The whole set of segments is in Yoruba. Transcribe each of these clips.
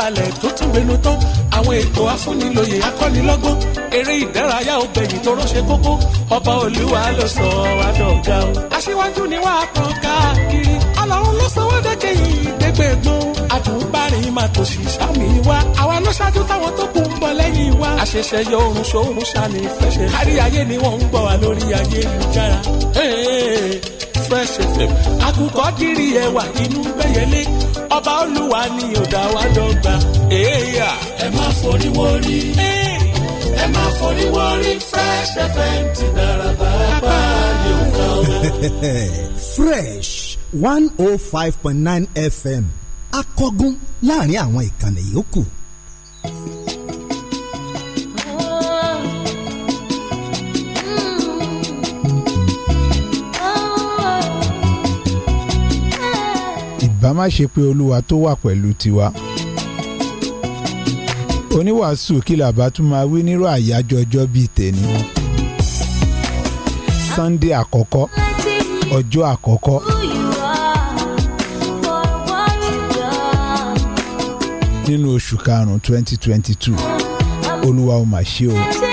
balẹ̀ tó tún gbénu tán àwọn ètò afúnilòyè akọ́nilọ́gbọ́n eré ìdárayá obìnrin tó rọ́ṣẹ́ kókó ọba olúwa ló sọ adọ́gà o. aṣíwájú ni wàá kàn káàkiri ọlọ́run ló sọ wọ́n dẹ́kẹ́ yìí dẹ́gbẹ̀gbọ́n àtúbárìn máa tò sí sámi wa àwa ló ṣáájú táwọn tó kù ń bọ̀ lẹ́yìn wa. àṣẹṣẹ yọ oorun ṣoorun ṣàní ìfẹsẹ̀ kárí ayé ni wọ́n ń gbọ́ wa lórí ayélujára fresh fm akukọ kiri ẹwà inú gbẹyẹlé ọba olúwa ni ọ̀dà wa dọ́gba. ẹ má forí wọrí ẹ má forí wọrí fresh fm ti dára pàápàá yóò kàn wá. fresh one oh five point nine fm akọgun láàrin àwọn ìkànnì yòókù. ìbá má ṣe pé olúwa tó wà pẹ̀lú tiwa. oníwàásù kìlà bá tún máa wí nírú àyájọ́ ọjọ́ bíi tèmi. Sunday àkọ́kọ́ ọjọ́ àkọ́kọ́. nínú oṣù karùn-ún twenty twenty two olúwa ó mà ṣe o.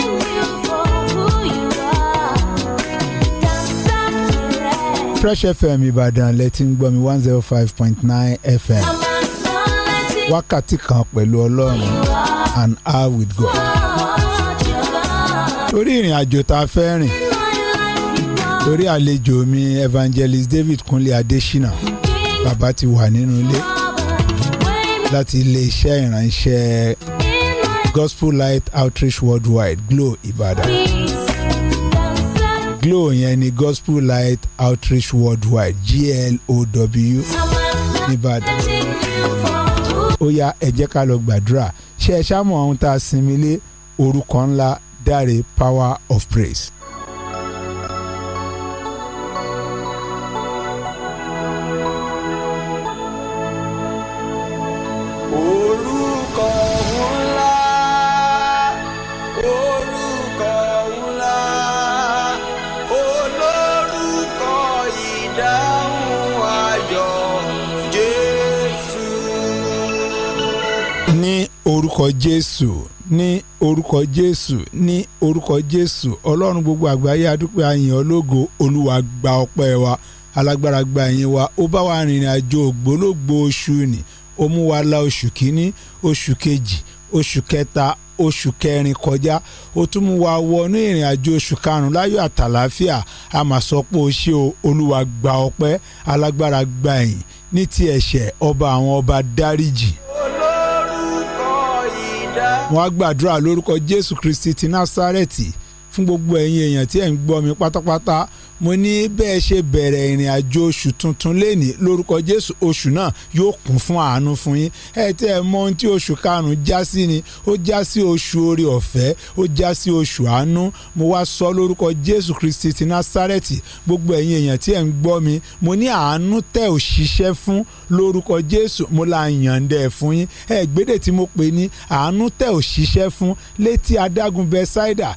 Fresh FM Ìbàdàn lẹ́tí ń gbọ́ mi one zero oh five point nine FM wákàtí kan pẹ̀lú Ọlọ́run an hour with God torí ìrìn àjò tá a fẹ́ rìn torí àlejò mi Evangelist David Kunle Adesina bàbá ti wà nínú ilé láti iléeṣẹ́ ìránṣẹ́ Gospel Light Outreach Worldwide Glo Ìbàdàn glow yẹn ni gospel light outreach worldwide glow nìbàdàn ó yá ẹ jẹ́ ká lọ gbàdúrà ṣe é ṣá mọ̀ ohun tá a sinmi lé orúkọ ńlá dáre power of praise. orúkọ jésù ní orúkọ jésù ní orúkọ jésù ọlọ́run gbogbo àgbáyé adúpẹ́ àyìn ológo olúwa gba ọpẹ́ wa alágbára gba ẹ̀yìn wa ó bá wa rìnrìn àjò ògbólógbò oṣù ni ó mú wa la oṣù kínní oṣù kejì oṣù kẹta oṣù kẹrin kọjá ó tún mú wa wọnú ìrìn àjò oṣù karùnún láyọ̀ àtàlàáfíà a mà olúwa gba ọpẹ́ alágbára gba ẹ̀yìn ní ti ẹ̀ṣẹ̀ ọba àwọn ọba dáríjì mo á gbàdúrà lórúkọ Jésù Kristi ti Násárẹ́tì fún gbogbo ẹ̀yin èèyàn tí ẹ̀ ń gbọ́ mi pátápátá mo ní bẹ́ẹ̀ ṣe bẹ̀rẹ̀ ìrìn àjò oṣù tuntun lẹ́ni lórúkọ jésù oṣù náà yóò kún fún àánú fún yín ẹ tẹ́ ẹ mọ̀ ohun tí oṣù karùn já sí ni ó já sí oṣù oore ọ̀fẹ́ ó já sí oṣù àánú mo wá sọ lórúkọ jésù kristi ti násárẹ́tì gbogbo ẹ̀yin èèyàn tí ẹ̀ ń gbọ́ mi mo ní àánú tẹ́ ò ṣiṣẹ́ fún lórúkọ jésù mo la yànjẹ́ fún yín ẹ gbédè tí mo pè ní àánú tẹ́ ò ṣiṣẹ́ fún létí adágún bẹ́sáìdà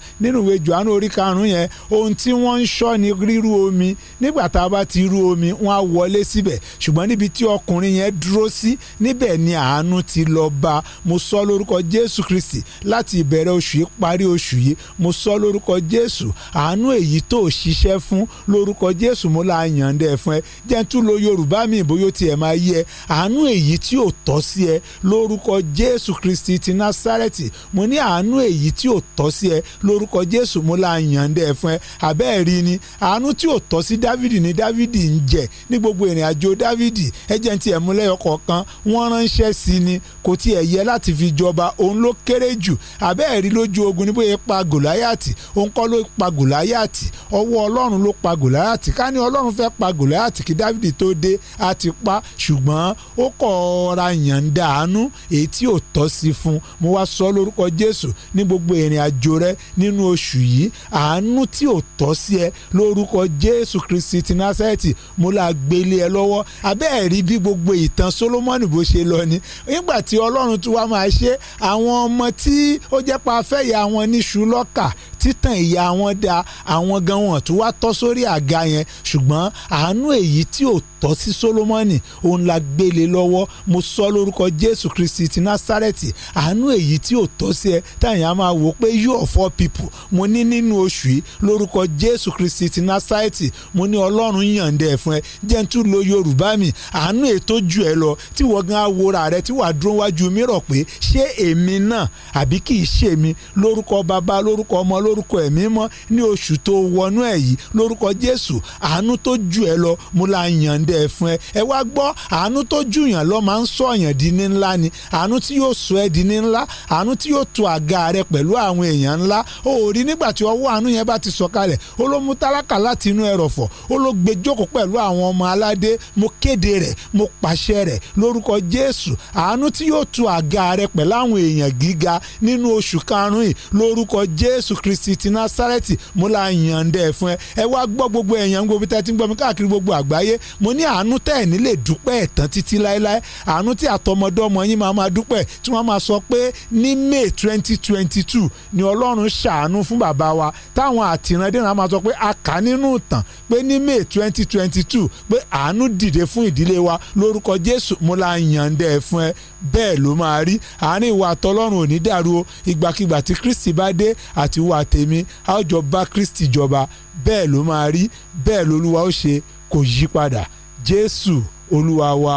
rírú omi nígbà tá a bá ti rú omi wọ́n á wọlé síbẹ̀ ṣùgbọ́n níbi tí ọkùnrin yẹn dúró sí níbẹ̀ ni àánú ti lọ bá mo sọ lórúkọ Jésù Kristi láti ìbẹ̀rẹ̀ oṣù yìí parí oṣù yìí mo sọ lórúkọ Jésù àánú èyí tó ṣiṣẹ́ fún lórúkọ Jésù mo la yànde ẹ̀ fún ẹ jẹ́ n tún lo Yorùbá mi ìbóyó tiẹ̀ máa yí àánú èyí tí ò tọ́ sí ẹ lórúkọ Jésù Kristi ti Násárẹ́tì mo ní àánú èyí tí ò tọ́ sí ẹ lórúkọ Jésù mo la yànde ẹ̀ fún ẹ àbẹ́ẹ̀ rí ni àánú àánú tí ò tọ́ sí dávidi ni dávidi ń jẹ ní gbogbo ìrìn àjò dávidi ẹjẹ̀ ti ẹ̀mú lẹ́yọ kọ̀ọ̀kan wọ́n ránṣẹ́ sí ni kò tiẹ̀ yẹ láti fi jọba òun ló kéré jù àbẹ́ẹ̀ rí lójú ogun ní bóyá pa gòláyàtì òun kọ́ ló pa gòláyàtì ọwọ́ ọlọ́run ló pa gòláyàtì ká ní ọlọ́run fẹ́ pa gòláyàtì kí dávidi tó dé á ti pa ṣùgbọ́n ó kọ̀ ọ̀ra yàǹda àánú èyí tí ò tọ́ sí fún mo wá sọ lórúkọ jésù ní gbogbo ìrìn àjò rẹ nínú oṣù yìí àánú tí ò tọ́ sí ẹ lórúkọ orúkọ jésù kristi ti násẹ̀tì mo la gbélé ẹ lọ́wọ́ abẹ́ẹ̀ rí bí gbogbo ìtàn solomoni bó ṣe lọ ni nígbà tí ọlọ́run tún wá máa ṣe àwọn ọmọ tí ó jẹ́ pa afẹ́yà wọn níṣu lọ́kà títàn ìyá wọn dá àwọn gan wọn tó wá tọ́ sórí àga yẹn ṣùgbọ́n àánú èyí tí ò tọ́ sí Sólómọ́nì òun la gbélé lọ́wọ́ mo sọ lórúkọ Jésù Kristi ti Násárẹ́tì àánú èyí tí ò tọ́ sí ẹ táyà máa wò pé you of all people mo ní nínú oṣù yìí lórúkọ Jésù Kristi ti Násárẹ́tì mo ní Ọlọ́run yànde ẹ̀ fún ẹ jẹ́ n tún lo Yorùbá mi àánú ètò ju ẹ lọ tí wọ́n gan awora rẹ tí wàá dúró wájú mìíràn pé ṣé èmi náà àbí kì í ṣe mi lórúkọ bàbá lórúkọ ọmọ lórúkọ lórúkọ ẹ̀mí mọ́ ní oṣù tó wọnú ẹ̀ yìí lórúkọ Jésù àánú tó jù ẹ lọ mo la yànde ẹ fún ẹ ẹ wá gbọ́ àánú tó jù yàn lọ máa ń sọ yàn di ní ńlá ni àánú tí yóò sọ ẹ di ní ńlá àánú tí yóò tu àga rẹ pẹ̀lú àwọn èèyàn ńlá o ò rí nígbà tí ọwọ́ àánú yẹn bá ti sọ̀kalẹ̀ ó ló mú tálákà láti inú ẹrọ̀fọ̀ ó ló gbé jókòó pẹ̀lú àwọn ọmọ aládé mo kéde rẹ̀ mo pàṣẹ rẹ̀ lórúkọ Jésù àánú tí yóò tu àga rẹ pẹ̀lú àwọn èèyàn gíga nínú oṣù karùn-ún yìí lórúkọ Jésù Kristi Kristi ti Násárẹ́tì mo la yànda ẹ̀ fún ẹ ẹ wá gbọ́ gbogbo ẹ̀yàn gbogbo tẹ́ ti ń gbọ́ mi káàkiri gbogbo àgbáyé mo ní àánú tẹ́ ẹ̀ nílé dúpẹ́ ẹ̀tàn títí láéláé àánú tí àtọmọdọ́mọ yín máa máa dúpẹ́ tí wọ́n máa sọ pé ní May twenty twenty two ni Ọlọ́run ṣàánú fún bàbá wa táwọn àtìrandínà máa sọ pé a kà nínú ìtàn pé ní May twenty twenty two pé àánú dìde fún ìdílé wa lórúkọ Jésù mo la yànda fún ẹ bẹ́ẹ̀ ló máa rí àárín ìwà àtọlọ́run ò dàrú o ìgbàkigbà tí Kristi bá dé àti ìwà tèmi a ó jọ bá Kristi jọba bẹ́ẹ̀ ló máa rí bẹ́ẹ̀ lolúwa ó ṣe kò yí padà Jésù olúwa wa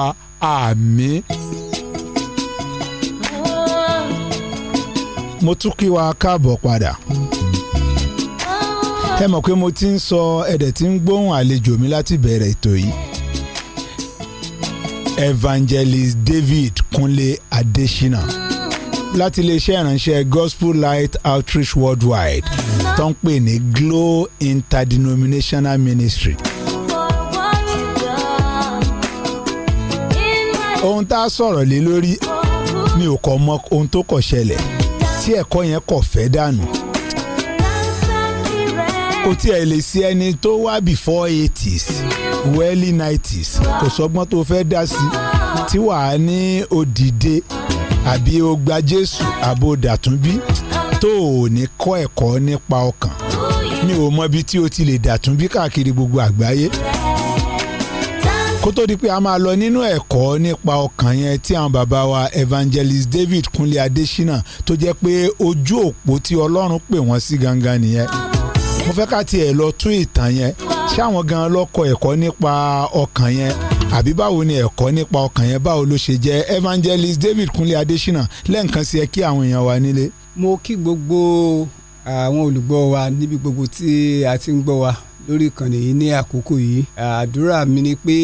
àmín. mo tún kí wa káàbọ̀ padà. ẹ mọ̀ pé mo ti ń sọ ẹ̀dẹ̀ tí ń gbóhùn àlejò mi láti bẹ̀rẹ̀ ètò yìí evangelist David Kunle Adesina láti iléeṣẹ́ ìránṣẹ́ Gospel Light Outreach Worldwide tó ń pè ní Glow Interdenominational Ministry. ohun tá a sọ̀rọ̀ lé lórí mi ò kọ́ mọ ohun tó kọ̀ ṣẹlẹ̀ tí ẹ̀kọ́ yẹn kọ̀ fẹ́ dànù kò tiẹ̀ lè sí ẹni tó wá before eighties early nineties kò sọgbọ́n tó fẹ́ dá sí tí wàá ní òdìdé àbí o gba Jésù àbò dàtúnbí tó o ní kọ́ ẹ̀kọ́ nípa ọkàn mi ò mọ ibi tí o ti lè dàtúnbí káàkiri gbogbo àgbáyé kó tó di pé a máa lọ nínú ẹ̀kọ́ nípa ọkàn yẹn tí àwọn bàbá wa evangelist david kunle adesina tó jẹ́ pé ojú òpó tí ọlọ́run pè wọ́n sí gangan nìyẹn mo fẹ́ ká tiẹ̀ lọ tún ìtàn yẹn ṣé àwọn gan-an lọ́kọ̀ ẹ̀kọ́ nípa ọkàn yẹn àbí báwo ni ẹ̀kọ́ nípa ọkàn yẹn báwo ló ṣe jẹ́ evangelist David Kunle Adesina lẹ́ǹkan sí ẹ kí àwọn èèyàn wa nílé. mo kí gbogbo àwọn olùgbọ́ wa níbi gbogbo tí a ti ń gbọ́ wa lórí ìkànnì yìí ní àkókò yìí àdúrà mi ni pé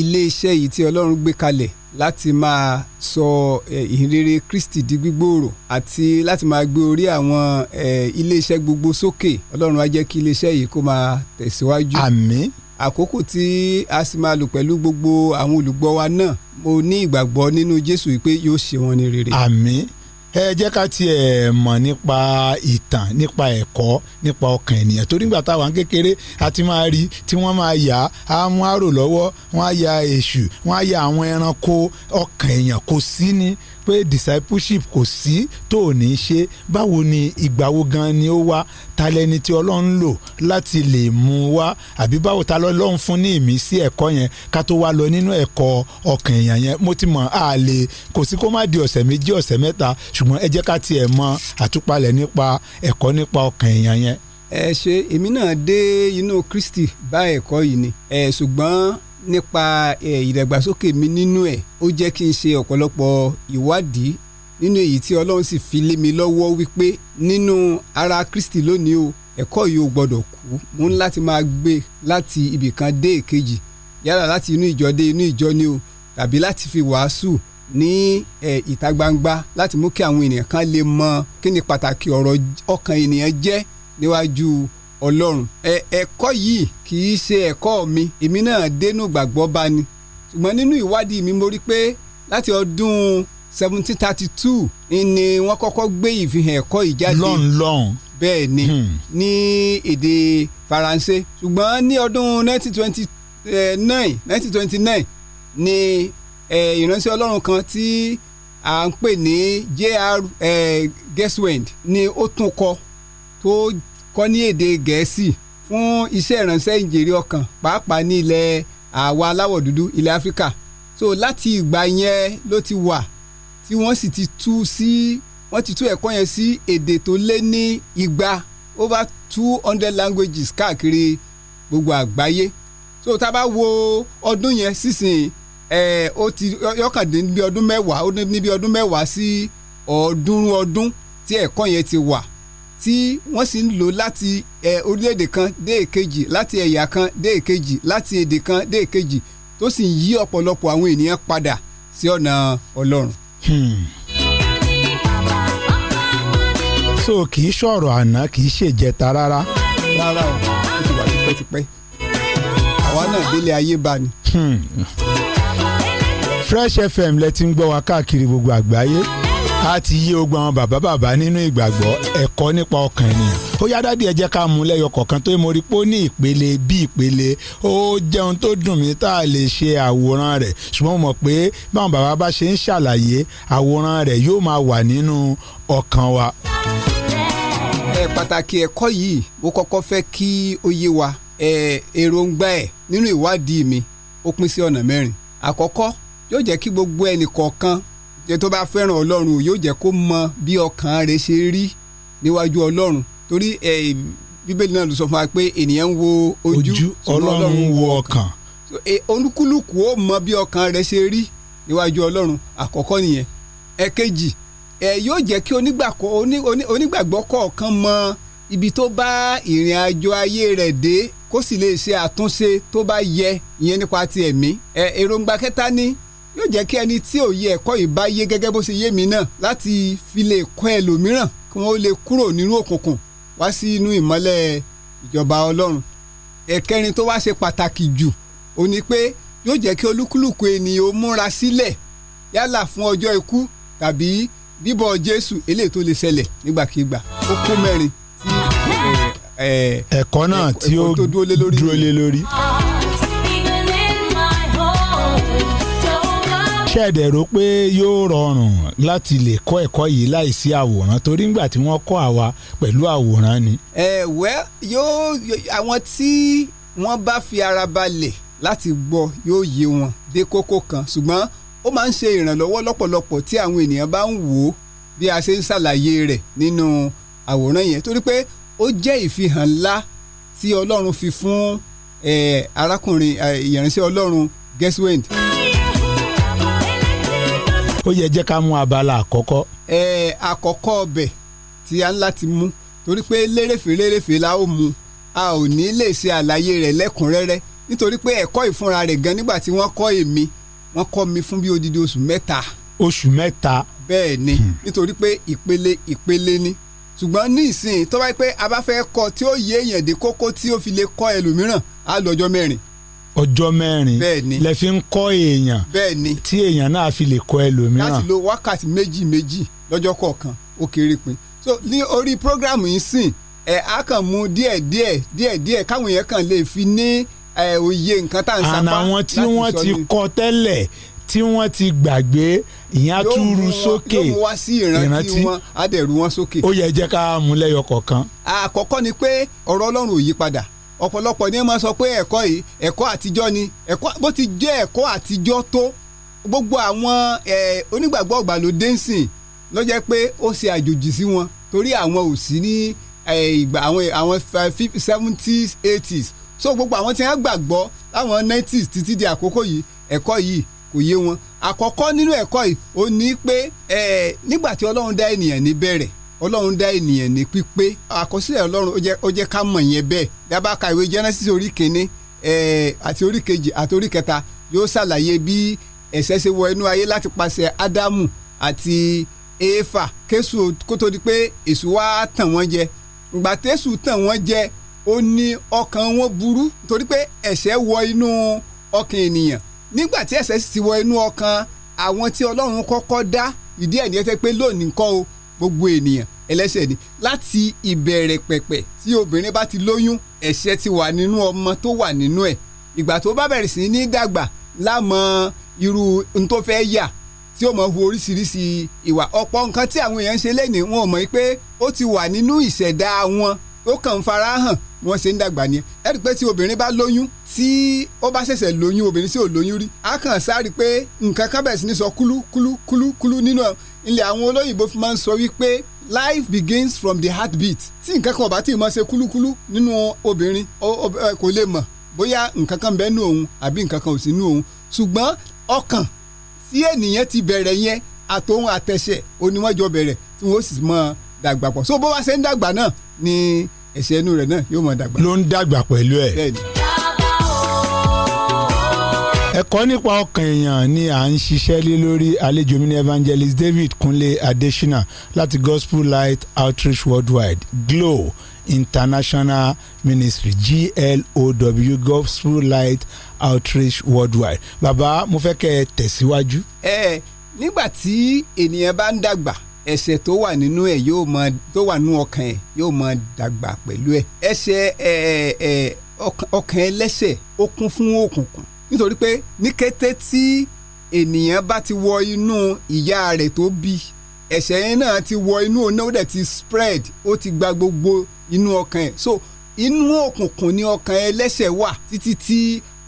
ilé iṣẹ́ yìí tí Ọlọ́run gbé kalẹ̀ láti máa sọ ìhìnrere Kristi di gbígbòòrò àti láti máa gbé orí àwọn iléeṣẹ́ gbogbo sókè Ọlọ́run á jẹ́ kí iléeṣẹ́ yìí kó máa tẹ̀síwájú. àmín. àkókò tí a sì máa lò pẹ̀lú gbogbo àwọn olùgbọ́ wa náà mo ní ìgbàgbọ́ nínú Jésù pé yóò ṣe wọn ní rere. àmín ẹ jẹ́ ká tiẹ̀ mọ̀ nípa ìtàn nípa ẹ̀kọ́ nípa ọkàn ènìyàn torí nígbà táwa ń kékeré a ti máa rí tí wọ́n máa yà á mú àrò lọ́wọ́ wọ́n á ya èṣù wọ́n á ya àwọn ẹranko ọkàn èèyàn kò sí ni pé discipleship kò sí tó ò ní í ṣe báwo ni ìgbà wo gan ni ó wá ta lẹni tí ọlọ́run lò láti lè mú un wá àbí báwo ta lọ́lọ́run fún ní ìmísí ẹ̀kọ́ yẹn ká tó wá lọ nínú ẹ̀kọ́ ọkàn èèyàn yẹn mo ti mọ̀ á lè kò sí kó má di ọ̀sẹ̀ méjì ọ̀sẹ̀ mẹ́ta ṣùgbọ́n ẹ jẹ́ ká tiẹ̀ mọ àtúpalẹ̀ nípa ẹ̀kọ́ nípa ọkàn èèyàn yẹn. ẹ ṣe èmi náà dé inú Kristi bá ẹ̀kọ́ yìí ni ẹ ṣùgbọ́n nípa ìdàgbàsókè mi nínú ẹ̀ ó jẹ́ kí n ṣe ọ̀pọ̀lọpọ̀ ìwádìí nínú èyí tí ọlọ́run sì fi lé mi lọ́wọ́ wípé nínú ara Kristi lónìí o ẹ̀kọ́ yìí ò gbọ́dọ̀ kú mo ń láti máa gbé láti ibì kan dé èkejì yálà láti inú ìjọ dé inú ìjọ ni o tàbí láti fi wàásù ní ìta gbangba láti mú kí àwọn ènìyàn kan lè mọ kí ni pàtàkì ọ̀rọ̀ ọkàn ènìyàn jẹ́ níwájú ọlọ́run ẹ̀kọ́ yìí kì í ṣe ẹ̀kọ́ mi èmi náà dénú gbàgbọ́ bá ni ṣùgbọ́n nínú ìwádìí mi mo rí pé láti ọdún seventeen thirty two ni wọ́n kọ́kọ́ gbé ìfihàn ẹ̀kọ́ yìí jáde lọ́n lọ́n bẹ́ẹ̀ ni hmm. ní èdè faransé ṣùgbọ́n ní ọdún nineteen twenty nine nineteen twenty nine ni ìránṣẹ́ ọlọ́run kan tí à ń pè ní J.R. Geswind ni ó tún kọ tó kọ́ ní èdè gẹ̀ẹ́sì fún iṣẹ́ ìránṣẹ́ ìjèrè ọkàn pàápàá ní ilẹ̀ àwa aláwọ̀ dúdú ilẹ̀ áfíríkà so láti ìgbà yẹn ló ti wà tí wọ́n sì ti tú sí wọ́n ti tú ẹ̀kọ́ yẹn sí èdè tó lé ní igba over two hundred languages káàkiri gbogbo àgbáyé so tá a bá wo ọdún yẹn sísìn ẹ ó ti yọkàndínlẹ́bí ọdún mẹ́wàá ó ní bí ọdún mẹ́wàá sí ọ̀ọ́dúnrún ọdún tí ẹ̀kọ́ yẹn ti wà tí wọ́n sì ń lò láti ẹ orílẹ̀-èdè kan dé èkejì láti ẹ̀yà kan dé èkejì láti èdè kan dé èkejì tó sì ń yí ọ̀pọ̀lọpọ̀ àwọn ènìyàn padà sí ọ̀nà Ọlọ́run. Hmm. so kì í ṣọ̀rọ̀ àná kì í ṣèjẹta rárá. rárá o ó ti wà tipẹ́tipẹ́ àwa náà délé ayé bá ni. Hmm. Fresh FM lẹ ti ń gbọ́ wa káàkiri gbogbo àgbáyé a ti yé ogbó àwọn bàbá bàbá nínú ìgbàgbọ́ ẹ̀kọ́ nípa ọkàn ènìyàn ó yá dádì ẹ jẹ́ ká mú lẹ́yọ kọ̀ọ̀kan tó mo rí pé ó ní ìpele bí ìpele ó jẹun tó dùn mí tá a lè ṣe àwòrán rẹ̀ ṣùgbọ́n mo mọ̀ pé báwọn bàbá bá ṣe ń ṣàlàyé àwòrán rẹ̀ yóò máa wà nínú ọkàn wa. ẹ pàtàkì ẹ̀kọ́ yìí ó kọ́kọ́ fẹ́ kí ó yé wa èròǹgbà ẹ̀ nínú ìwádìí mi ó pín sí ọ̀nà mẹ́rin àkọ́kọ́ yóò jẹ́ kí gbogbo ẹnì kọ̀ọ̀kan ṣe tó bá fẹ́ràn ọlọ́run yóò jẹ́ kó mọ bí ọkàn rẹ̀ ṣe rí níwájú ọlọ́run torí eh, bíbélì náà ló sọ fún wa pé ènìyàn ń wo ojú ọlọ́run ń wo ọkàn. Eh, olúkúlùkù ó mọ bí ọkàn rẹ̀ ṣe rí níwájú ọlọ́run àkọ́kọ́ nìyẹn ẹ̀kejì ẹ eh, yóò jẹ́ kí onígbàgbọ́ kọ̀ọ̀kan mọ ibi tó bá ìrìn àjò ayé rẹ̀ dé kó sì lè ṣe àtúnṣe tó bá yẹ ìyẹn nípa ti ẹ̀mí èròǹgbà kẹta ni yóò jẹ́ kí ẹni tí òye ẹ̀kọ́ yìí bá yé gẹ́gẹ́ bó ṣe yé mi náà láti fi lè kọ́ ẹlòmíràn kí wọ́n lè kúrò nínú òkùnkùn wá sí inú ìmọ́lẹ̀ ìjọba ọlọ́run ẹ̀kẹrin tó wá ṣe pàtàkì jù ó ní pé yóò jẹ́ kí olúkúlùkù ènìyàn múra sílẹ̀ yálà fún ọjọ́ ikú tàbí bíbọ̀ jésù eléyìí lè ṣẹlẹ̀ nígbàkigbà ó kó mẹ́rin tí ẹ̀kọ́ náà tí ó dúró lé lórí. ṣẹ̀dẹ̀ rò pé yóò rọrùn láti lè kọ́ ẹ̀kọ́ yìí láìsí àwòrán torí ńgbà tí wọ́n kọ́ àwa pẹ̀lú àwòrán ni. ẹ wẹ́ yóò àwọn tí wọ́n bá fi ara balẹ̀ láti gbọ́ yóò yé wọn dé kókó kan ṣùgbọ́n ó máa ń ṣe ìrànlọ́wọ́ lọ́pọ̀lọpọ̀ tí àwọn ènìyàn bá ń wò ó bí a ṣe ń ṣàlàyé rẹ̀ nínú àwòrán yẹn torí pé ó jẹ́ ìfihàn ńlá tí Ọlọ́run fi fún arákùnrin ìyẹ̀rìnsẹ́ Ọlọ́run Gesswend ó yẹ jẹ́ ká mú abala àkọ́kọ́. ẹ àkọ́kọ́ ọbẹ̀ tí a ń láti mú torí pé lérèfé lérèfé la ó mu a ò ní lè ṣe àlàyé rẹ̀ lẹ́kùnrẹ́rẹ́ nítorí pé ẹ̀kọ́ ìfúnra rẹ̀ gan nígbà tí wọ́n kọ́ èmi wọ́n kọ́ mi fún bí odidi oṣù mẹ́ta. oṣù mẹ́ta. bẹ́ẹ̀ ni hmm. nítorí pé ìpele ìpele ni ṣùgbọ́n ní ìsìn tó bá pẹ́ a bá fẹ́ kọ́ tí ó yé èèyàn dé kókó tí ó fi lè kọ́ ẹlòmíràn á lọ́jọ́ mẹ́rin ọjọ́ mẹ́rin lẹ fi ń kọ́ èèyàn tí èèyàn náà fi lè kọ́ ẹlòmíràn. láti lo wákàtí méjì méjì lọ́jọ́ kọ̀ọ̀kan ó kéré pin so ní orí programu yìí sìn ẹ̀ á kàn mú díẹ̀ díẹ̀ díẹ̀ díẹ̀ káwọn yẹn kàn lè fi ní òye nǹkan tá à ń sapá láti sọ ni. àná àwọn tí wọ́n ti kọ́ tẹ́lẹ̀ tí wọ́n ti gbàgbé ìyẹn atúru sókè ìrántí ó yẹ jẹ́ ká mú lẹ́yọ kọ̀ọ̀kan. àkọ́kọ́ ni pé ọ̀rọ̀ Ọlọ́run ò yí padà ọ̀pọ̀lọpọ̀ ni ẹ máa sọ pé ẹ̀kọ́ yìí ẹ̀kọ́ àtijọ́ ni ẹ̀kọ́ bó ti jẹ́ ẹ̀kọ́ àtijọ́ tó gbogbo àwọn onígbàgbọ́ ọ̀gbàlódé ń sìn ló jẹ́ pé ó ṣe àjòjì sí wọn torí àwọn ò sí ní ìgbà àwọn àwọn seventies eighties so gbogbo àwọn tí wọ́n gbàgbọ́ láwọn nineties títí di àkókò yìí ẹ̀kọ́ yìí kò yé wọn àkọ́kọ́ nínú ẹ̀kọ́ yìí ó ní pé nígbà tí Ọlọ́run dá ènìyàn níbẹ̀rẹ̀ ọlọ́run dá ènìyàn ní pípé àkọsílẹ̀ ọlọ́run ó jẹ́ ká mọ̀ yẹn bẹ́ẹ̀ dábàá ka ìwé Genesis orí kìíní àti orí kejì àti orí kẹta yóò ṣàlàyé bí ẹ̀ṣẹ̀ ṣe wọ inú ayé láti pàṣẹ Ádámù àti Éfà késù kó tó di pé èṣù wá tàn wọ́n jẹ ìgbà tésù tàn wọ́n jẹ ó ní ọkàn wọn burú torí pé ẹ̀ṣẹ̀ wọ inú ọkàn ènìyàn nígbà tí ẹ̀ṣẹ̀ sì ti wọ inú ọkàn àwọn tí ọlọ́run kọ́kọ́ dá ìdí ẹ̀ gbogbo ènìyàn ẹlẹ́ṣẹ̀ ni láti ìbẹ̀rẹ̀ pẹ̀pẹ̀ tí obìnrin bá ti lóyún ẹ̀ṣẹ̀ ti wà nínú ọmọ tó wà nínú ẹ̀ ìgbà tó bá bẹ̀rẹ̀ sí ní dàgbà lámọ irú n tó fẹ́ yà tí ó mọ̀ hu oríṣiríṣi ìwà ọ̀pọ̀ nǹkan tí àwọn èèyàn ń ṣe lẹ́nìí wọn ò mọ̀ pé ó ti wà nínú ìṣẹ̀dá wọn tó kàn ń farahàn wọn ṣe ń dàgbà ni ẹ rí i pé tí obìnrin bá lóyún tí ó bá ṣẹ̀ṣẹ̀ lóyún obìnrin tí ò lóyún rí a kàn sáré pé nǹkan kábẹ̀sì ní sọ kúlú nínú ilẹ̀ àwọn olóyìnbó fi máa ń sọ wípé life begins from the heartbeat tí nǹkan kan ò bá tí ì máa ṣe kúlúkúlú nínú obìnrin kò lè mọ̀ bóyá nǹkan kan bẹ́ẹ̀ nù òun àbí nǹkan kan ò sí nù òun ṣùgbọ́n ọkàn tí ènìyàn ti bẹ̀rẹ̀ yẹn àtòun àtẹ̀sẹ̀ oníwọ́jọ bẹ̀rẹ̀ tí wọ́n sì mọ dàgbà pọ̀ so bó wá ṣe ń dàgbà náà ni ẹ̀ṣẹ̀ inú rẹ̀ náà yóò mọ dàgbà. ló ń dàgbà pẹ̀lú ẹ̀. bẹ́ẹ̀ ni ẹ̀kọ́ nípa ọkàn èèyàn ni à ń ṣiṣẹ́ lé lórí àlejò mi ní evangelist David Kunle Adesina láti Gospel Light Outreach Worldwide Glow International Ministry GLOW Gospel Light Outreach Worldwide bàbá mo fẹ́ kẹ́ ẹ tẹ̀síwájú. ẹ nígbà tí ènìyàn bá ń dàgbà ẹ̀ṣẹ̀ tó wà nínú ẹ̀ yóò mọ tó wà nínú ọkàn ẹ̀ yóò mọ dàgbà pẹ̀lú ẹ̀ ẹ̀ṣẹ̀ ẹ ẹ ọkàn ẹlẹ́ṣẹ̀ ó kún fún òkùnkùn nítorí pé ní kété tí ènìyàn bá ti wọ inú ìyá rẹ̀ tó bí ẹ̀ṣẹ̀ yẹn náà ti wọ inú ọ̀nà ó dẹ̀ ti spread ó ti gba gbogbo inú ọkàn ẹ̀ so inú òkùnkùn ni ọkàn ẹlẹ́ṣẹ̀ wà títí tí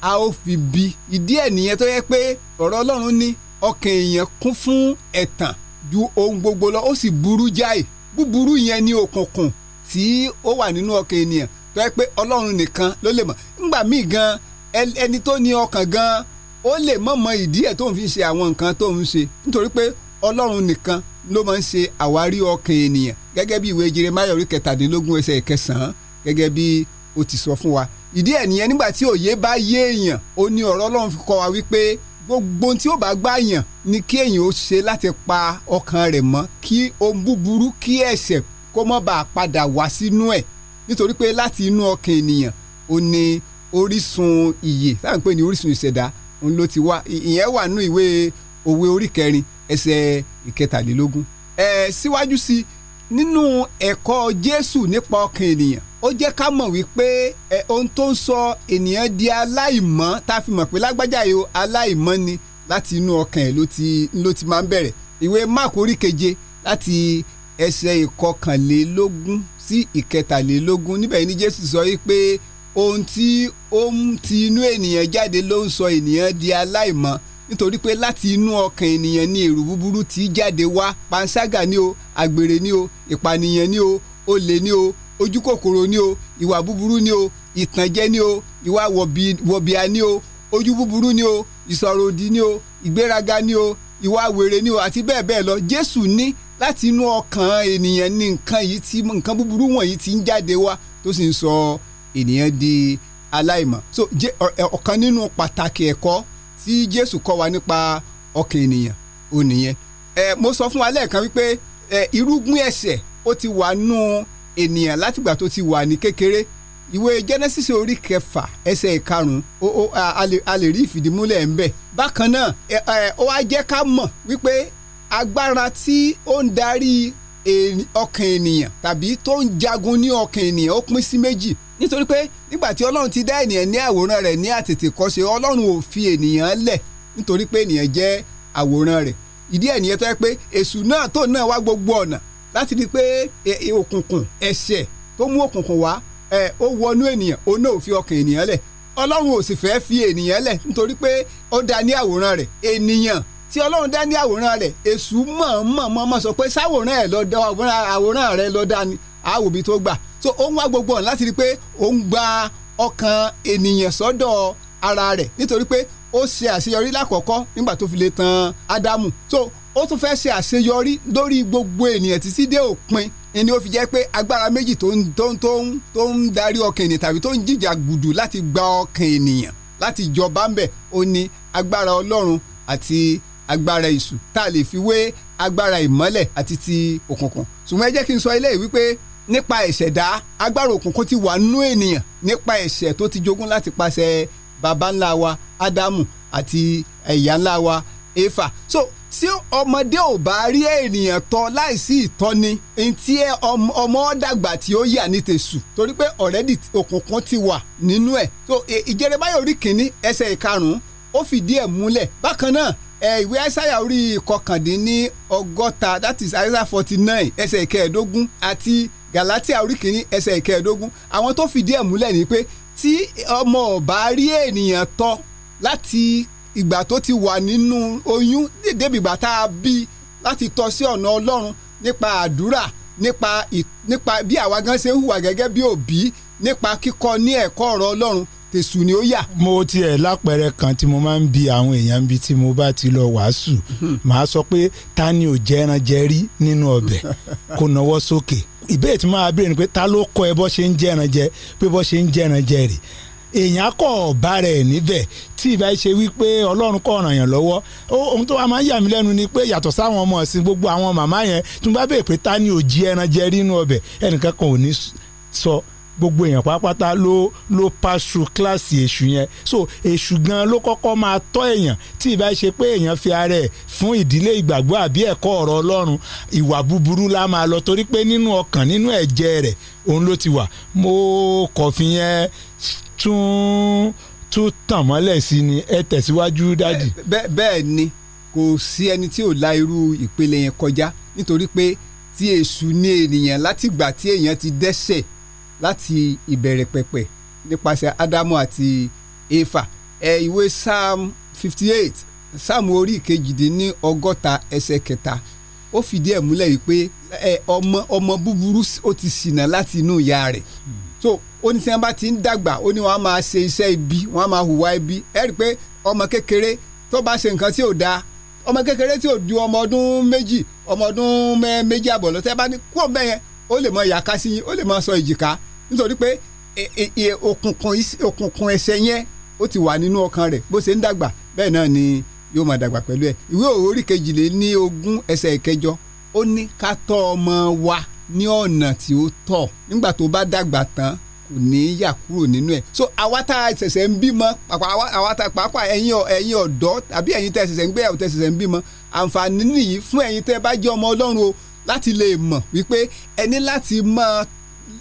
a ó fi bí ìdí ẹ̀ nìyẹn tó yẹ pé ọ̀rọ̀ Ọlọ́run ní ọkàn èèyàn kún fún ẹ̀tàn ju ohun gbogbo lọ ó sì burú jáì búburú yẹn ní òkùnkùn tí ó wà nínú ọkàn ènìyàn tó yẹ pé Ọlọ́run nìkan ló lè mọ̀ ńgbà míì gan-an ẹni tó ní ọkàn gan ó lè mọ̀mọ́ ìdí ẹ̀ tó ń fi ṣe àwọn nǹkan tó ń ṣe nítorí pé ọlọ́run nìkan ló máa ń ṣe àwárí ọkàn ènìyàn gẹ́gẹ́ bí ìwé Jeremáyọ̀ orí kẹtàdínlógún ẹsẹ̀ ìkẹsàn-án gẹ́gẹ́ bí ó ti sọ fún wa ìdí ẹ̀ nìyẹn nígbà tí òye bá yé èèyàn ó ní ọ̀rọ̀ ọlọ́run fi kọ́ wa wípé gbogbo tí ó bá gbà yàn ni kí èèyàn ó ṣe láti pa ọkàn rẹ̀ mọ́ kí ohun búburú kí ẹ̀ṣẹ̀ kó má bàa padà wá sínú ẹ̀ nítorí pé láti inú ọkàn ènìyàn ó ní orísun ìyè tá à ń pè ní orísun ìṣẹ̀dá òun ló ti wá ìyẹn wà nínú ìwé òwe orí kẹrin ẹsẹ̀ ìkẹtàlélógún ẹ síwájú sí nínú ẹ̀kọ́ Jésù nípa ọkàn ènìyàn ó jẹ́ ká mọ̀ wípé ẹ ohun tó ń sọ ènìyàn di aláìmọ́ tá a fi mọ̀ pé lágbájá yìí aláìmọ́ ni láti inú ọkàn ẹ̀ ló ti ló ti máa ń bẹ̀rẹ̀ ìwé Mark orí keje láti ẹsẹ̀ ìkọkànlélógún sí ìkẹtàlélógún níbẹ̀ ni Jésù sọ yìí ohun tí ó ń ti inú ènìyàn jáde ló ń sọ ènìyàn di aláìmọ́ nítorí pé láti inú ọkàn ènìyàn ni èrò búburú ti jáde wá panṣágà ni o àgbèrè ni o ìpànìyàn ni o olè ni o ojúkòkòrò ni o ìwà búburú ni o ìtànjẹ ni o ìwà wọ̀bìà ni o ojú búburú ni o ìsọ̀rọ̀ ni o ìgbéraga ni o ìwà wèrè ni o àti bẹ́ẹ̀ bẹ́ẹ̀ lọ Jésù ní láti inú ọkàn ènìyàn ni nǹkan yìí ti nǹkan búburú wọ̀nyí ti ń jáde wá tó sì ń sọ ọ́ ènìyàn di aláìmọ̀ so ọ̀kan nínú pàtàkì ẹ̀kọ́ tí Jésù kọ́ wa nípa ọkàn ènìyàn ò nìyẹn ẹ mo sọ fún wa lẹ́ẹ̀kan wípé ẹ irúgbìn ẹ̀ṣẹ̀ ó ti wà nù ènìyàn látìgbà tó ti wà ní kékeré ìwé Genesis orí kẹfà ẹsẹ̀ ìkarùn-ún a lè rí ìfìdímúlẹ̀ ń bẹ̀ bákan náà ó wá jẹ́ ká mọ̀ wípé agbára tí ó ń darí ọkàn ènìyàn tàbí tó ń jagun ní ọkàn ènìyàn ó pín sí méjì nítorí pé nígbà tí ọlọ́run ti dá ènìyàn ní àwòrán rẹ̀ ní àtètèkọ́ṣe ọlọ́run ò fi ènìyàn lẹ̀ nítorí pé ènìyàn jẹ́ àwòrán rẹ̀ ìdí ẹ̀ tó yẹ pé èṣù náà tó náà wá gbogbo ọ̀nà láti rí pé òkùnkùn ẹ̀ṣẹ̀ tó mú òkùnkùn wá ó wọnú ènìyàn ó náà fi ọkàn ènìyàn lẹ̀ ọlọ́run ò sì fẹ́ fi ènìyàn lẹ̀ nítorí pé ó dá ní àwòrán rẹ̀ ènìyàn tí ọlọ́run dá ní àwòrán rẹ̀ èṣù mọ̀ọ́mọ̀ọ́mọ̀ sọ pé sáwòrán ẹ̀ lọ́ọ́ àwòrán rẹ̀ lọ́ọ́ àwòbí tó gbà so ó ń wá gbogbo ọ̀nà láti rí i pé ó ń gba ọkàn ènìyàn sọ́dọ̀ ara rẹ̀ nítorí pé ó ṣe àṣeyọrí lákọ̀ọ́kọ́ nígbà tó fi lè tan Ádámù so ó tún fẹ́ ṣe àṣeyọrí lórí gbogbo ènìyàn títí dé òpin ni ó fi jẹ́ pé agbára méjì tó ń tó ń tó ń tó ń darí ọkàn ènìyàn tàbí tó ń jìjà gbùdù láti gba ọkàn ènìyàn láti jọba ńbẹ̀ ó ní agbára Ọlọ́run àti agbára èṣù tá a lè fi wé agbára ìmọ́lẹ̀ àti ti òkùnkùn ṣùgbọ́n ẹ jẹ́ kí n sọ eléyìí wípé nípa ìṣẹ̀dá agbára òkùnkùn ti wà nú ènìyàn nípa ẹ̀ṣẹ̀ tó ti jogún láti pàṣẹ baba ńlá wa ádámù àti ẹ̀yà ńlá wa éfà so tí ọmọdé ò bá rí ènìyàn tọ́ láìsí ìtọ́ni ntí ọmọ dàgbà tí ó yà ní tèṣù torí pé ọ̀rẹ́dì òkùnkùn ti wà nínú ẹ̀ so ìjẹrẹbáyọ̀ orí kìíní ẹsẹ̀ ìkarùn-ún ó fìdí ẹ̀ múlẹ̀ bákan náà ìwé àìsàyà orí kọkàndínní ọgọ́ta that is àìsà forty nine ẹsẹ̀ ìkẹẹ̀ẹ́dógún àti Galatia orí kìíní ẹsẹ̀ ìkẹẹ̀ẹ́dógún àwọn tó fìdí ẹ̀ múlẹ̀ ni pé tí ọmọ ọba rí ènìyàn tọ́ láti ìgbà tó ti wà nínú oyún débi ìgbà tá a bí láti tọ́ sí ọ̀nà Ọlọ́run nípa àdúrà nípa nípa bí àwa gan ṣe ń hùwà gẹ́gẹ́ bí òbí nípa kíkọ́ ní ẹ̀kọ́ ọ̀rọ̀ Ọlọ́run tèṣù ni ó yà. mo tiẹ̀ lápẹẹrẹ kan tí mo máa ń bi àwọn èèyàn bíi tí mo bá ti lọ wàásù màá sọ pé ta ni ò jẹran jẹrí nínú ọbẹ̀ kó nawọ́ sókè ìbéèrè tí máa béèrè ni pé ta ló kọ́ ẹ bọ́ ṣe ń jẹran jẹ pé bọ́ ṣe ń jẹran jẹ rè èèyàn kọ̀ bára ẹ̀ níbẹ̀ tí ìbá ṣe wípé ọlọ́run kọ̀ ràn yàn lọ́wọ́ ohun tó wà máa ń yà mí lẹ́nu ni pé yàtọ̀ sáwọn ọmọ ọ̀sìn gbogbo àwọn màmá yẹn tí mo bá béèrè pé ta ni ò jí ẹran jẹ rí nínú ọbẹ̀ ẹnìkan kan ò ní sọ gbogbo èèyàn pátápátá ló ló pass through kíláàsì èṣù yẹn so èṣù gan ló kọ́kọ́ máa tọ́ èèyàn tí ìbá ṣe pé èèyàn fi ara ẹ̀ fún ìdílé ìgbàgbọ́ àbí ẹ̀kọ́ ọ̀rọ̀ ọlọ́run ìwà búburú la máa lọ torí pé nínú ọkàn nínú ẹ̀jẹ̀ rẹ̀ òun ló ti wà mo kọ̀fin yẹn tún tún tàn mọ́lẹ̀ sí ni ẹ tẹ̀síwájú dájì. bẹ́ẹ̀ ni kò sí ẹni tí ò la irú ìpele yẹn kọjá nítorí pé tí èṣù ní ènìyàn látìgbà tí èèyàn ti dẹ́ṣẹ̀ láti ìbẹ̀rẹ̀ pẹ̀pẹ̀ nípasẹ̀ Ádámù àti Éfà ẹ ìwé Psalm fifty eight Psalm orí kejìdínlọ́gọ́ta ẹsẹ̀ kẹta ó fìdí ẹ̀ múlẹ̀ yìí pé ọmọ ọmọ búburú ó ti ṣìnà láti inú ìyá rẹ̀ so ó ní tí wọ́n bá ti ń dàgbà ó ní wọ́n á máa ṣe iṣẹ́ ibi wọ́n á máa hùwà ibi ẹ rí i pé ọmọ kékeré tó bá ṣe nǹkan tí ò dáa ọmọ kékeré tí ò ju ọmọ ọdún méjì ọmọ ọdún méjì àbọ̀ bá ní kó bẹ́yẹn ó lè mọ ìyàká sí yín ó lè mọ sọ ìjìká nítorí pé òkùnkùn ẹ̀ṣẹ̀ yẹn ó ti wà nínú ọkàn rẹ̀ bó ṣe ń dàgbà bẹ́ẹ̀ náà ni yóò máa dàgbà pẹ̀lú ẹ̀ ìwé orí kejìlé ní ogún ẹsẹ̀ ìkẹjọ ó ní ká tọ́ ọmọ wa ní ọ̀nà tí ó tọ́ nígbà tó bá dàgbà tán kò ní í yà kúrò nínú ẹ̀ so àwa tá a ṣẹ̀ṣẹ̀ ń bímọ àwa tá pàápàá ẹ̀yin ẹ̀yin ọ̀dọ́ tàbí ẹ̀yin tẹ́ ṣẹ̀ṣẹ̀ ń gbéyàwó tẹ́ ṣẹ̀ṣẹ̀ ń bímọ àǹfààní nìyí fún ẹ̀yin tẹ́ bá jẹ́ ọmọ ọlọ́run o láti lè mọ̀ wípé ẹni láti máa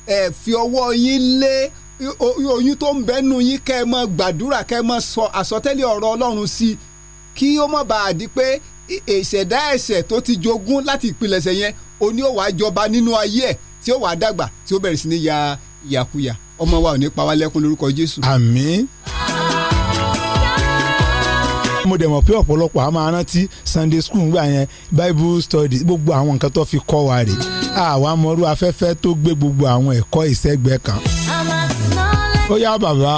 ẹ fi ọwọ́ yín lé oyún tó ń bẹ́nu yín kẹ́ ẹ mọ́ gbàdúrà kẹ́ ẹ mọ́ sọ àsọtẹ́lẹ̀ ọ̀rọ̀ Ọlọ́run sí i kí ó má bàa di pé ìṣẹ̀dá ẹ̀ṣẹ̀ tó ti jogún láti ìpilẹ̀ṣẹ̀ yẹn oní òwà jọba nínú ayé ẹ̀ tí ó wàá dàgbà tí ó bẹ̀rẹ̀ sí ní ya ìyàkuyà ọmọ wa ò ní pa wá lẹ́kún lórúkọ Jésù. àmín mo dẹ̀ mọ̀ pé ọ̀pọ̀lọpọ̀ a máa rántí sunday school ngbà yẹn bible study gbogbo àwọn nǹkan tó fi kọ́ wa rè àwa mọ̀rú afẹ́fẹ́ tó gbé gbogbo àwọn ẹ̀kọ́ ìṣẹ́gbẹ́ kan. ó yá bàbá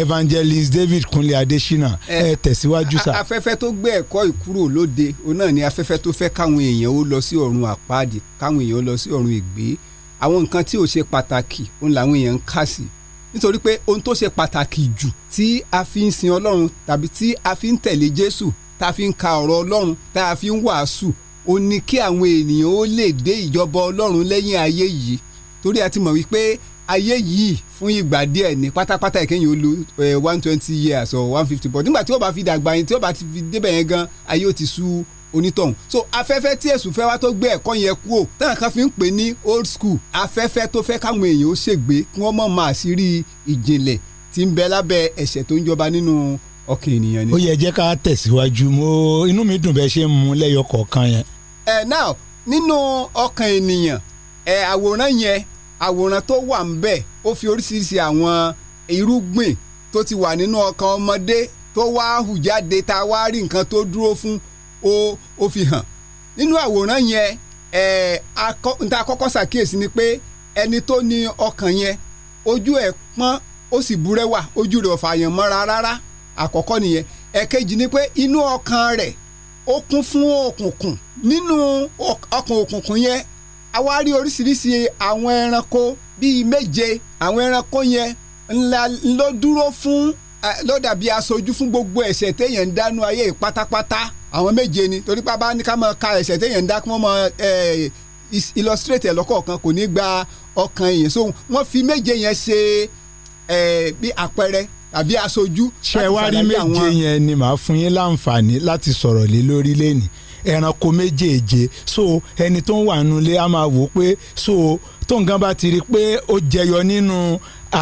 evangelist david kunle adesina ẹ tẹ̀síwájú sá. afẹ́fẹ́ tó gbé ẹ̀kọ́ ìkúrò lóde òun náà ni afẹ́fẹ́ tó fẹ́ káwọn èèyàn ó lọ sí ọ̀run àpáàdì káwọn èèyàn ó lọ sí ọ̀run ìgbé àwọn nǹkan tí ò ṣe pàtàkì òun làwọn èèyàn ń kà sí nítorí pé ohun tó ṣe pàtàkì jù tí a fi ń sin ọlọ́run tàbí tí a fi ń tẹ̀lé jésù tá a fi ń ka ọ̀rọ̀ ọlọ́run tá a fi ń wàásù ó ní kí àwọn ènìyàn ó lè dé ìjọba ọlọ́run lẹ́yìn ayé yìí torí a ti mọ̀ wípé ayé yìí fún ìgbà díẹ̀ ní pátápátá ìkẹyìn ó one twenty years or one fifty but nígbà tí ó bá fi dàgbà yẹn tí ó bá fi débẹ̀ yẹn gan ayé ó ti sú onítọ̀hún so afẹ́fẹ́ tí èṣù fẹ́ wá tó gbé ẹ̀kọ́ yẹn kúrò táwọn kan fi ń pè ní old school afẹ́fẹ́ tó fẹ́ káwọn èèyàn ó ṣègbè kí wọ́n mọ̀ máa sí rí ìjìnlẹ̀ tí ń bẹ lábẹ́ ẹ̀ṣẹ̀ tó ń jọba nínú ọkàn ènìyàn ni. ó yẹ jẹ́ ká tẹ̀síwájú mo inú mi dùn bẹ́ẹ̀ ṣe ń mú lẹ́yọ kọ̀ọ̀kan yẹn. ẹ náà nínú ọkàn ènìyàn ẹ àwòrán yẹn àwòrán tó wà ń bẹ ó fi oríṣiríṣi àwọn irúgbìn tó ti wà nínú ọkàn ọmọdé tó wá hù jáde tá wá rí nǹkan tó dúró fún ó ó fi hàn nínú àwòrán yẹn ẹ akọ nta kọ́kọ́ ṣàkíyèsí ni pé ẹni tó ní ọkàn yẹn ojú ẹ pọn ó sì burẹ́wà ojú rẹ̀ ọ̀fà yẹn mọ́ra rárá àkọ́kọ́ nìyẹn ẹ̀kejì ni pé inú ọkàn rẹ̀ ó kún fún òkùnkùn nínú ọkàn òkùnkùn yẹn a wá rí oríṣiríṣi àwọn ẹranko bíi méje àwọn ẹranko yẹn ńlá ló dúró fún ló dàbí aṣojú fún gbogbo ẹ̀ṣẹ̀ téèyàn ń dánú ayé pátápátá àwọn méje ni torí pé bá ní ká máa ka ẹsẹ̀ téèyàn ń dá kí wọ́n máa eh, illustrate ẹ̀ lọ́kọ̀ọ̀kan kò ní gba ọkàn èèyàn so wọ́n fi méje yẹn ṣe eh, bí àpẹẹrẹ àbí aṣojú. ṣé wàá rí méje yẹn ni màá fún yín láǹfààní láti sọ̀rọ̀ lé lórí lẹ́nìí ẹranko méjèèje so ẹni tó ń wà nulẹ̀ á máa wò pé so tó nǹkan bá ti rí i pé ó jẹyọ nínú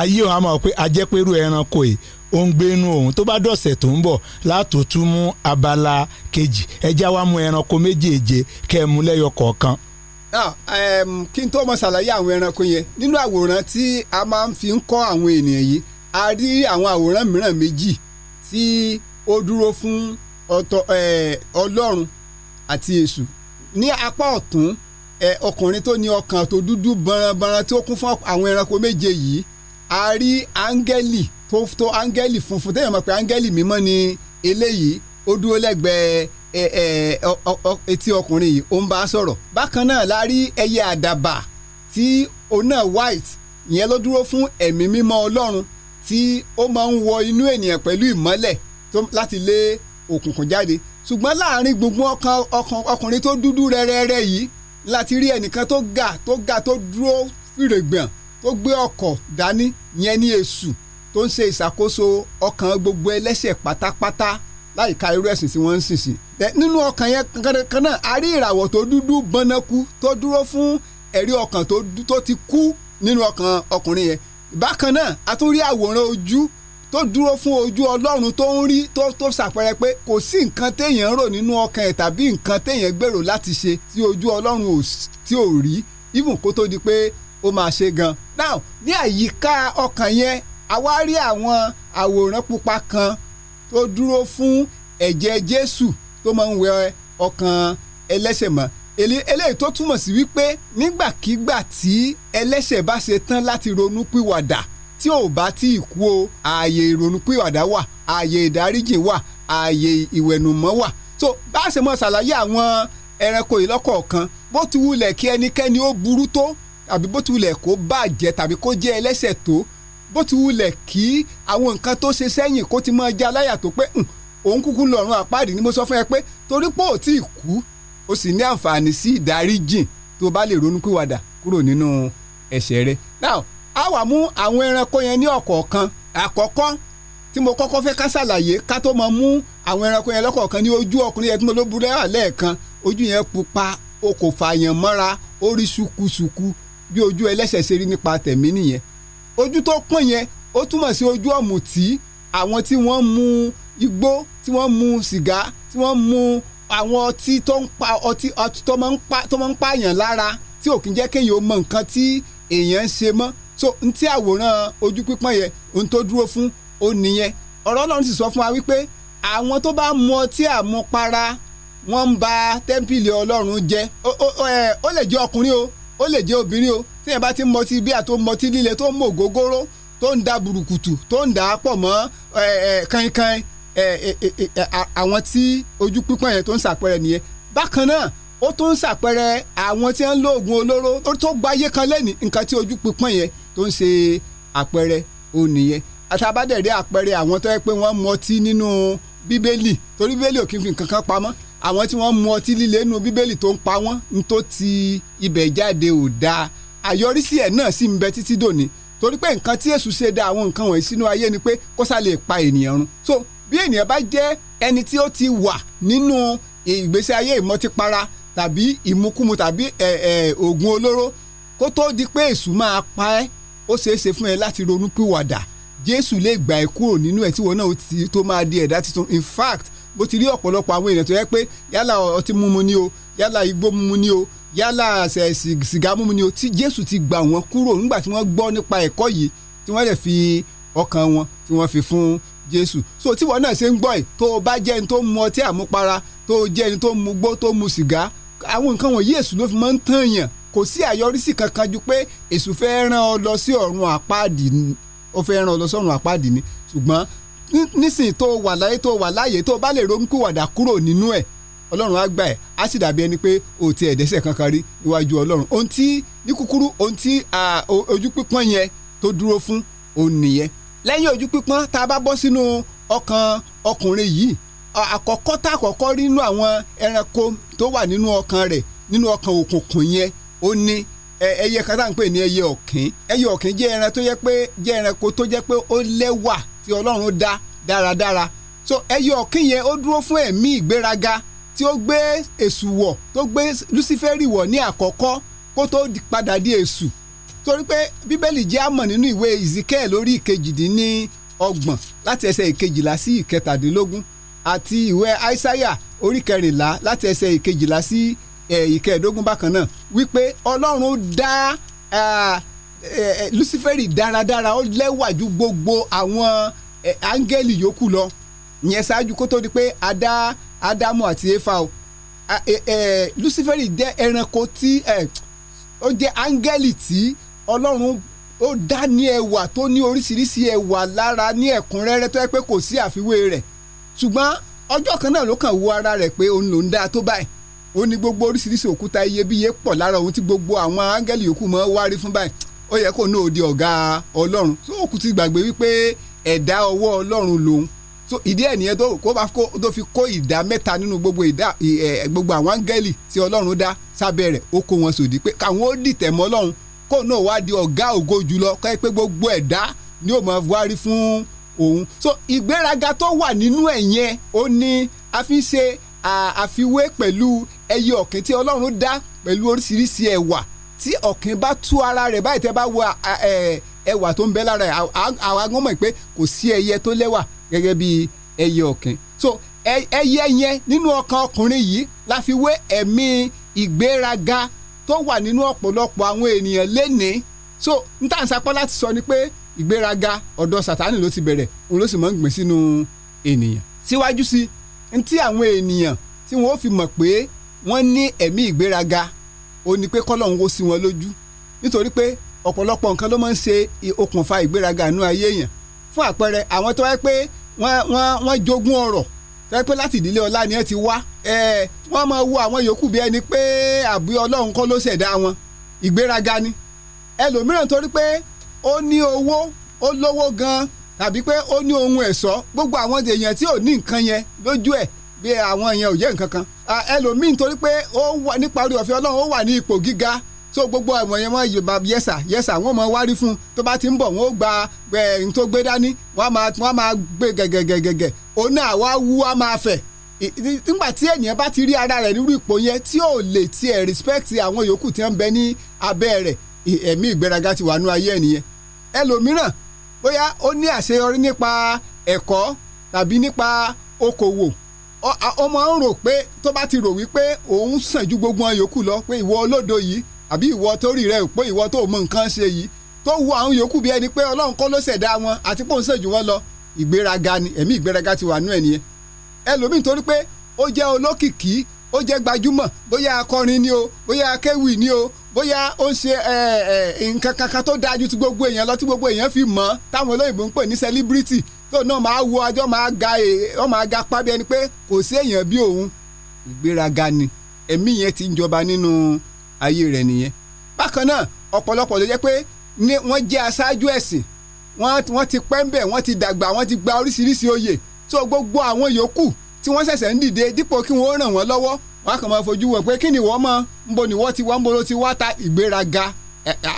ayé òun á máa wò pé ajẹ́pẹ́rú ẹranko yìí ó ń gbé inú òun tó bá dọ̀sẹ̀ tó ń bọ̀ látòtún mú abala kejì ẹja wa mú ẹranko méjèèje kẹ́ ẹ mú lẹ́yọ kọ̀ọ̀kan. Um, kí n tó mọ ṣàlàyé àwọn ẹranko yẹn nínú àwòrán tí a máa ń fi ń kọ́ àwọn ènìyàn yìí a rí àwọn àwòrán mìíràn méjì tí ó dúró fún eh, ọlọ́run àti èṣù ní apá ọ̀tún eh, ọkùnrin tó ní ọkàn tó dúdú bọ̀rànbọ̀ràn tí kún fún àwọn ẹranko méje yìí a rí áńgẹ́lì tó tó áńgẹ́lì funfun téèyàn mọ̀ pé áńgẹ́lì mímọ́ ni eléyìí ó dúró lẹ́gbẹ̀ẹ́ etí ọkùnrin yìí ó ń bá a sọ̀rọ̀ bákan náà la rí ẹyẹ àdàbà tí òun náà white ìyẹn ló dúró fún ẹ̀mí mímọ́ ọlọ́run tí ó máa ń wọ inú ènìyàn pẹ̀lú ìmọ́lẹ̀ láti lé òkùnkùn jáde ṣùgbọ́n láàrin gbogbo ọkùnrin tó dúdú rẹ́rẹ́rẹ́ yìí láti rí ẹnìkan tó ga tó ga tó dúró fìrègbọ̀n tó gbé ọkọ̀ dání yẹn ní èṣù tó ń ṣe ìṣàkóso ọkàn gbogbo ẹlẹ́ṣẹ̀ pátápátá láìka irú ẹ̀sìn tí wọ́n ń sìn sí. nínú ọkàn yẹn kankan náà a rí ìràwọ̀ tó dúdú bọ́nákú tó dúró fún ẹ̀rí ọkàn tó ti kú nínú ọkàn ọkùnrin yẹn. bákan náà a tún rí àwòrán ojú tó dúró fún ojú ọlọ́run tó ń rí tó ṣàpẹẹrẹ pé kò sí nǹkan téèyàn rò nínú ọkàn ẹ̀ tàbí nǹkan téèyàn gbèrò láti ṣe tí ojú ọlọ́run tí ò rí even kó tó di pé ó máa ṣe gan. now ní àyíká ọkàn yẹn a wá rí àwọn àwòrán pupa kan tó dúró fún ẹ̀jẹ̀ Jésù tó máa ń wẹ ọkàn ẹlẹ́ṣẹ̀ mọ́ eléyìí tó túmọ̀ sí wípé nígbàkigbà tí ẹlẹ́ṣẹ̀ bá ṣe tán láti ronú tí ò bá tí ì kú o ààyè ìrònúpìwàdà wà ààyè ìdáríjì wà ààyè ìwẹ̀nùmọ́ wà so bá a ṣe mọ ṣàlàyé àwọn ẹranko ìlọ́kọ̀ọ̀kan bó ti wulẹ̀ kí ẹnikẹ́ni ó burú tó àbí bó ti wulẹ̀ kó bàjẹ́ tàbí kó jẹ́ ẹlẹ́ṣẹ̀ tó bó ti wulẹ̀ kí àwọn nǹkan tó ṣe sẹ́yìn kó ti máa jẹ́ aláyà tó pé òun kúkú lọ́rùn àpáàdì ni mo sọ fún ẹ pé torí pé ò tí ì kú ó sì ní àǹfààní sí ìdáríjìn tó bá lè ronúpìwàdà kúrò nínú ẹ̀ṣẹ̀ rẹ̀ now a wà mú àwọn ẹranko yẹn ní ọ̀kọ̀ọ̀kan àkọ́kọ́ tí mo kọ́kọ́ fẹ́ ká ṣàlàyé ká tó máa mú àwọn ẹranko yẹn lọ́kọ̀ọ̀kan ní ojú ọkùnrin yẹn tí mo ló burú ẹ̀wà lẹ́ẹ̀kan ojú yẹn pupa o kò fààyàn mọ́ra ó rí ṣùkúṣùkú bí ojú ẹlẹ́ṣẹ̀ ṣe rí nípa tẹ̀mí nìyẹn ojú tó pọ́n yẹn ó túmọ̀ sí ojú ọ̀mùtí àwọn tí wọ́n mu igbó tí wọ́n mu sìgá tí wọ́n mu àwọn ọtí tó ń pa ọtí ọtí tó máa ń pààyàn lára tí ò kì í jẹ́ kéèyàn mọ nǹkan tí èèyàn ń ṣe mọ́ so n tí àwòrán ojú pípọ́n yẹn ohun tó dúró fún ó nìyẹn ọ̀rọ̀ náà sì sọ fún wa wípé àwọn tó bá mu ọtí àmupara wọ́n ń ba tẹ́ḿpìlì ọlọ́run jẹ́ ó lè jẹ́ ọkùnrin o ó lè jẹ́ obìnrin o tí yẹn bá ti ń mọtí bíà tó ń mọtí líle tó ń mọ ògógóró tó ń da burúkutu tó ń da pọ̀ mọ́ kankan àwọn tí ojú pípọ́n yẹn tó ń ṣàpẹẹrẹ nìyẹn bákan náà ó tó ń ṣàpẹẹrẹ àwọn tí wọ́n ń lo oògùn olóró tó gbayé kan lẹ́nu nǹkan tí ojú pípọ́n yẹn tó ń ṣe àpẹẹrẹ ó nìyẹn àtàbádẹ̀rẹ̀ àpẹẹrẹ àwọn tó yẹ pé wọ́n mọtí nínú bíbélì torí bíbélì ò àwọn tí wọ́n mu ọtí líle nínú bíbélì tó ń pa wọ́n ní tó ti ibẹ̀ jáde ò dáa àyọrísí ẹ̀ náà sì ń bẹ títí dòní torí pé nǹkan tí èṣù ṣe da àwọn nǹkan wọ̀nyí sínú ayé ni pé kó sá lè pa ènìyàn run so bí ènìyàn bá jẹ́ ẹni tí ó ti wà nínú ìgbésí ayé ìmọtípara tàbí ìmukúmu tàbí oògùn olóró kó tó di pé èṣù máa pa ẹ́ ó ṣeé ṣe fún ẹ láti ronú pìwàdà jésù lè gbà ẹ́ kúrò nínú ẹ̀ tí wọn náà tó máa di ẹ̀dá tuntun in fact mo ti rí ọ̀pọ̀lọpọ̀ àwọn èèyàn tó yẹ pé yálà ọtí mímu ni o yálà igbó mímu ni o yálà sìgá mímu ni o tí Jésù ti gbà wọ́n kúrò nígbà tí wọ́n gbọ́ nípa ẹ̀kọ́ yìí tí wọ́n lè fi ọkàn wọn tí wọ́n fi fún Jésù so tí wọn náà ṣe ń gbọ́ ẹ̀ tó o bá jẹ́ ẹni tó mu ọtí àmupara tó o jẹ́ ẹni tó mu gbó tó mu sìgá àwọn nǹkan wọ̀nyí Èṣù ló fi máa ń tàn yàn kò sí àyọrísí kankan ju pé Èṣù fẹ́ rán ọ lọ sí ọ̀run àpáàdì ó fẹ́ rán ọ lọ sí ọ̀run àpáàdì ni ṣùgbọ́n nísìnyí tó wà láyé tó wà láàyè tó bá lè ronúkúwàdà kúrò nínú ẹ̀ ọlọ́run á gbà ẹ̀ á sì dàbí ẹni pé o ti ẹ̀ dẹ́sẹ̀ kankan rí níwájú ọlọ́run ohun tí ní kúkúrú ohun tí ojú pípọ́n yẹn tó dúró fún òun nìyẹn lẹ́yìn ojú pípọ́n tá a bá bọ́ sínú ọkàn ọkùnrin yìí àkọ́kọ́ tá àkọ́kọ́ rí nínú àwọn ẹranko tó wà nínú ọkàn rẹ̀ nínú ọkàn òkùnkùn yẹn ó ní ẹyẹ kan tá à ń pè ní ẹyẹ ọ̀kín ẹyẹ ọ̀kín jẹ́ ẹran tó yẹ pé jẹ́ ẹranko tó jẹ́ pé ó lẹ́wà tí Ọlọ́run dá dáradára so ẹyẹ yẹn ó dúró fún ẹ̀mí ìgbéraga tí ó gbé wọ̀ tó gbé wọ̀ ní àkọ́kọ́ kó tó padà torí pé Bíbélì jẹ́ àmọ̀ nínú ìwé lórí láti ẹsẹ̀ ìkejìlá sí ìkẹtàdínlógún àti ìwé ìkẹẹ̀ẹ́dógún bákan náà wípé ọlọ́run dá luciferi dáradára ó lẹ́wà ju gbogbo àwọn áńgẹ́lì yòókù lọ ìyẹn ṣáájú kó tó di pé adá ádámù àti éfà o luciferi jẹ́ ẹranko tí ó jẹ́ áńgẹ́lì tí ọlọ́run ó dá ní ẹwà tó ní oríṣiríṣi ẹwà lára ní ẹ̀kúnrẹ́rẹ́ tó yẹ pé kò sí àfiwé rẹ̀ ṣùgbọ́n ọjọ́ kan náà ló kàn wo ara rẹ̀ pé òun lòún dáa tó báyìí ó ní gbogbo oríṣiríṣi òkúta iyebíye pọ̀ lára òun tí gbogbo àwọn áńgẹ́lì yòókù mọ́ wárí fún báyìí ó yẹ kó náà di ọ̀gá ọlọ́run tó òkú ti gbàgbé wípé ẹ̀dá ọwọ́ ọlọ́run lòun so ìdí ẹ̀ nìyẹn tó fi kó ìdá mẹ́ta nínú gbogbo ìdá gbogbo àwọn áńgẹ́lì tí ọlọ́run dá sábẹ́ rẹ̀ ó kó wọn sòdí pé káwọn ó dìtẹ̀ mọ́ ọlọ́run kó náà wá di ọ̀gá ògo jùlọ kọ́ pé gbogbo ẹ̀dá ni ó máa wárí fún òun so ìgbéraga tó wà nínú ẹ̀ yẹn ó ní a fi ṣe àfiwé pẹ̀lú ẹyẹ ọ̀kín tí ọlọ́run dá pẹ̀lú oríṣiríṣi ẹ̀wà tí ọ̀kín bá tú ara rẹ̀ báyìí tẹ́ bá wo ẹ̀wà tó ń bẹ lára ẹ̀ àwa gan mọ̀ pé kò sí ẹyẹ tó lẹ́wà gẹ́gẹ́ bí ẹyẹ ọ̀kín so ẹyẹ yẹn nínú ọkàn ọkùnrin yìí la fi wé ẹ̀mí ìgbéraga tó wà nínú ọ̀pọ̀lọpọ̀ àwọn ènìyàn lénìí so n tà ń sapọ́ láti sọ ni pé ìgbéraga ọ̀dọ̀ sàtánì ló ti bẹ̀rẹ̀ òun ló sì máa ń gbìn sínú ènìyàn síwájú sí ntí àwọn ènìyàn tí wọ́n fi mọ̀ pé wọ́n ní ẹ̀mí ìgbéraga ó ní pé kọ́lọ́hún wo sí wọn lójú nítorí pé ọ̀pọ̀lọpọ̀ nǹkan ló máa ń ṣe okùnfà ìgbéraga nú ayé èèyàn fún àpẹẹrẹ àwọn tó wáyé pé wọ́n jogún ọ̀rọ̀ tó wáyé pé láti ìdílé ọlá ni ẹ ti wá wọ́n máa wo àwọn yòókù bí ẹni pé àbí ọlọ́run kọ́ ló ṣẹ̀dá wọn ìgbéraga ni ẹlòmíràn torí pé ó ní owó ó lówó gan tàbí pé ó ní ohun ẹ̀ṣọ́ gbogbo àwọn èèyàn tí ò ní nǹkan yẹn lójú ẹ̀ bí àwọn èèyàn ò jẹ́ nǹkan kan ẹlòmíín torí pé ó wà nípa orí ọ̀fẹ́ ọlọ́run ó wà ní ipò gíga so gbogbo ọmọ yẹn wọn yẹ́sà yẹsà wọ́n mọ̀ wárí fún tó bá ti ń bọ̀ wọ́n ó gba ẹ tó gbé dání wọ́n gbé gẹ̀gẹ̀gẹ̀gẹ̀ òun náà wá wú wá máa fẹ̀ nígbà ènìyàn bá ti rí ara rẹ̀ nírú ipò yẹn tí wọ́n bẹ ó ní àṣeyọrí ọmọ ń rò pé tó bá ti rò wípé òun sàn ju gbogbo wọn yòókù lọ pé ìwọ olódo yìí àbí ìwọ tó rí rẹ ò pé ìwọ tó mọ nǹkan ṣe yìí tó wu àwọn yòókù bí ẹni pé ọlọ́run kọ́ ló ṣẹ̀dá wọn àti pòun sàn ju wọn lọ ìgbéraga ni ẹ̀mí ìgbéraga ti wà nú ẹ̀ nìyẹn ẹlòmíì torí pé ó jẹ́ olókìkí ó jẹ́ gbajúmọ̀ bóyá akọrin ni o bóyá akéwì ni o bóyá ó ń ṣe nǹkan kankan tó dáa ju ti gbogbo èèyàn lọ tí gbogbo èèyàn fi mọ̀ táwọn olóyìnbó ń pè ní celebrity tóun náà máa wo ajọ́ máa ga ọ máa ga pa bí ẹni pé kò sí èèyàn bí òun ìgbéraga ni ẹ̀mí yẹn ti ń jọba nínú ayé rẹ̀ nìyẹn bákan náà ọ̀pọ̀lọpọ̀ ló jẹ́ pé wọ́n jẹ́ aṣáájú ẹ̀sìn wọ́n ti pẹ́ ń bẹ̀ wọ́n ti dàgbà wọ́n ti gba oríṣiríṣi oyè tó gbogbo àwọn yòókù tí wọ́n ṣẹ̀ṣẹ̀ ń dìde dípò kí wọ́n ràn wọ́n lọ́wọ́ wọ́n kàn máa fojú wọn pé kí ni wọ́n mọ̀ ń ni wọ́n ti wá ń ló ti wá ta ìgbéraga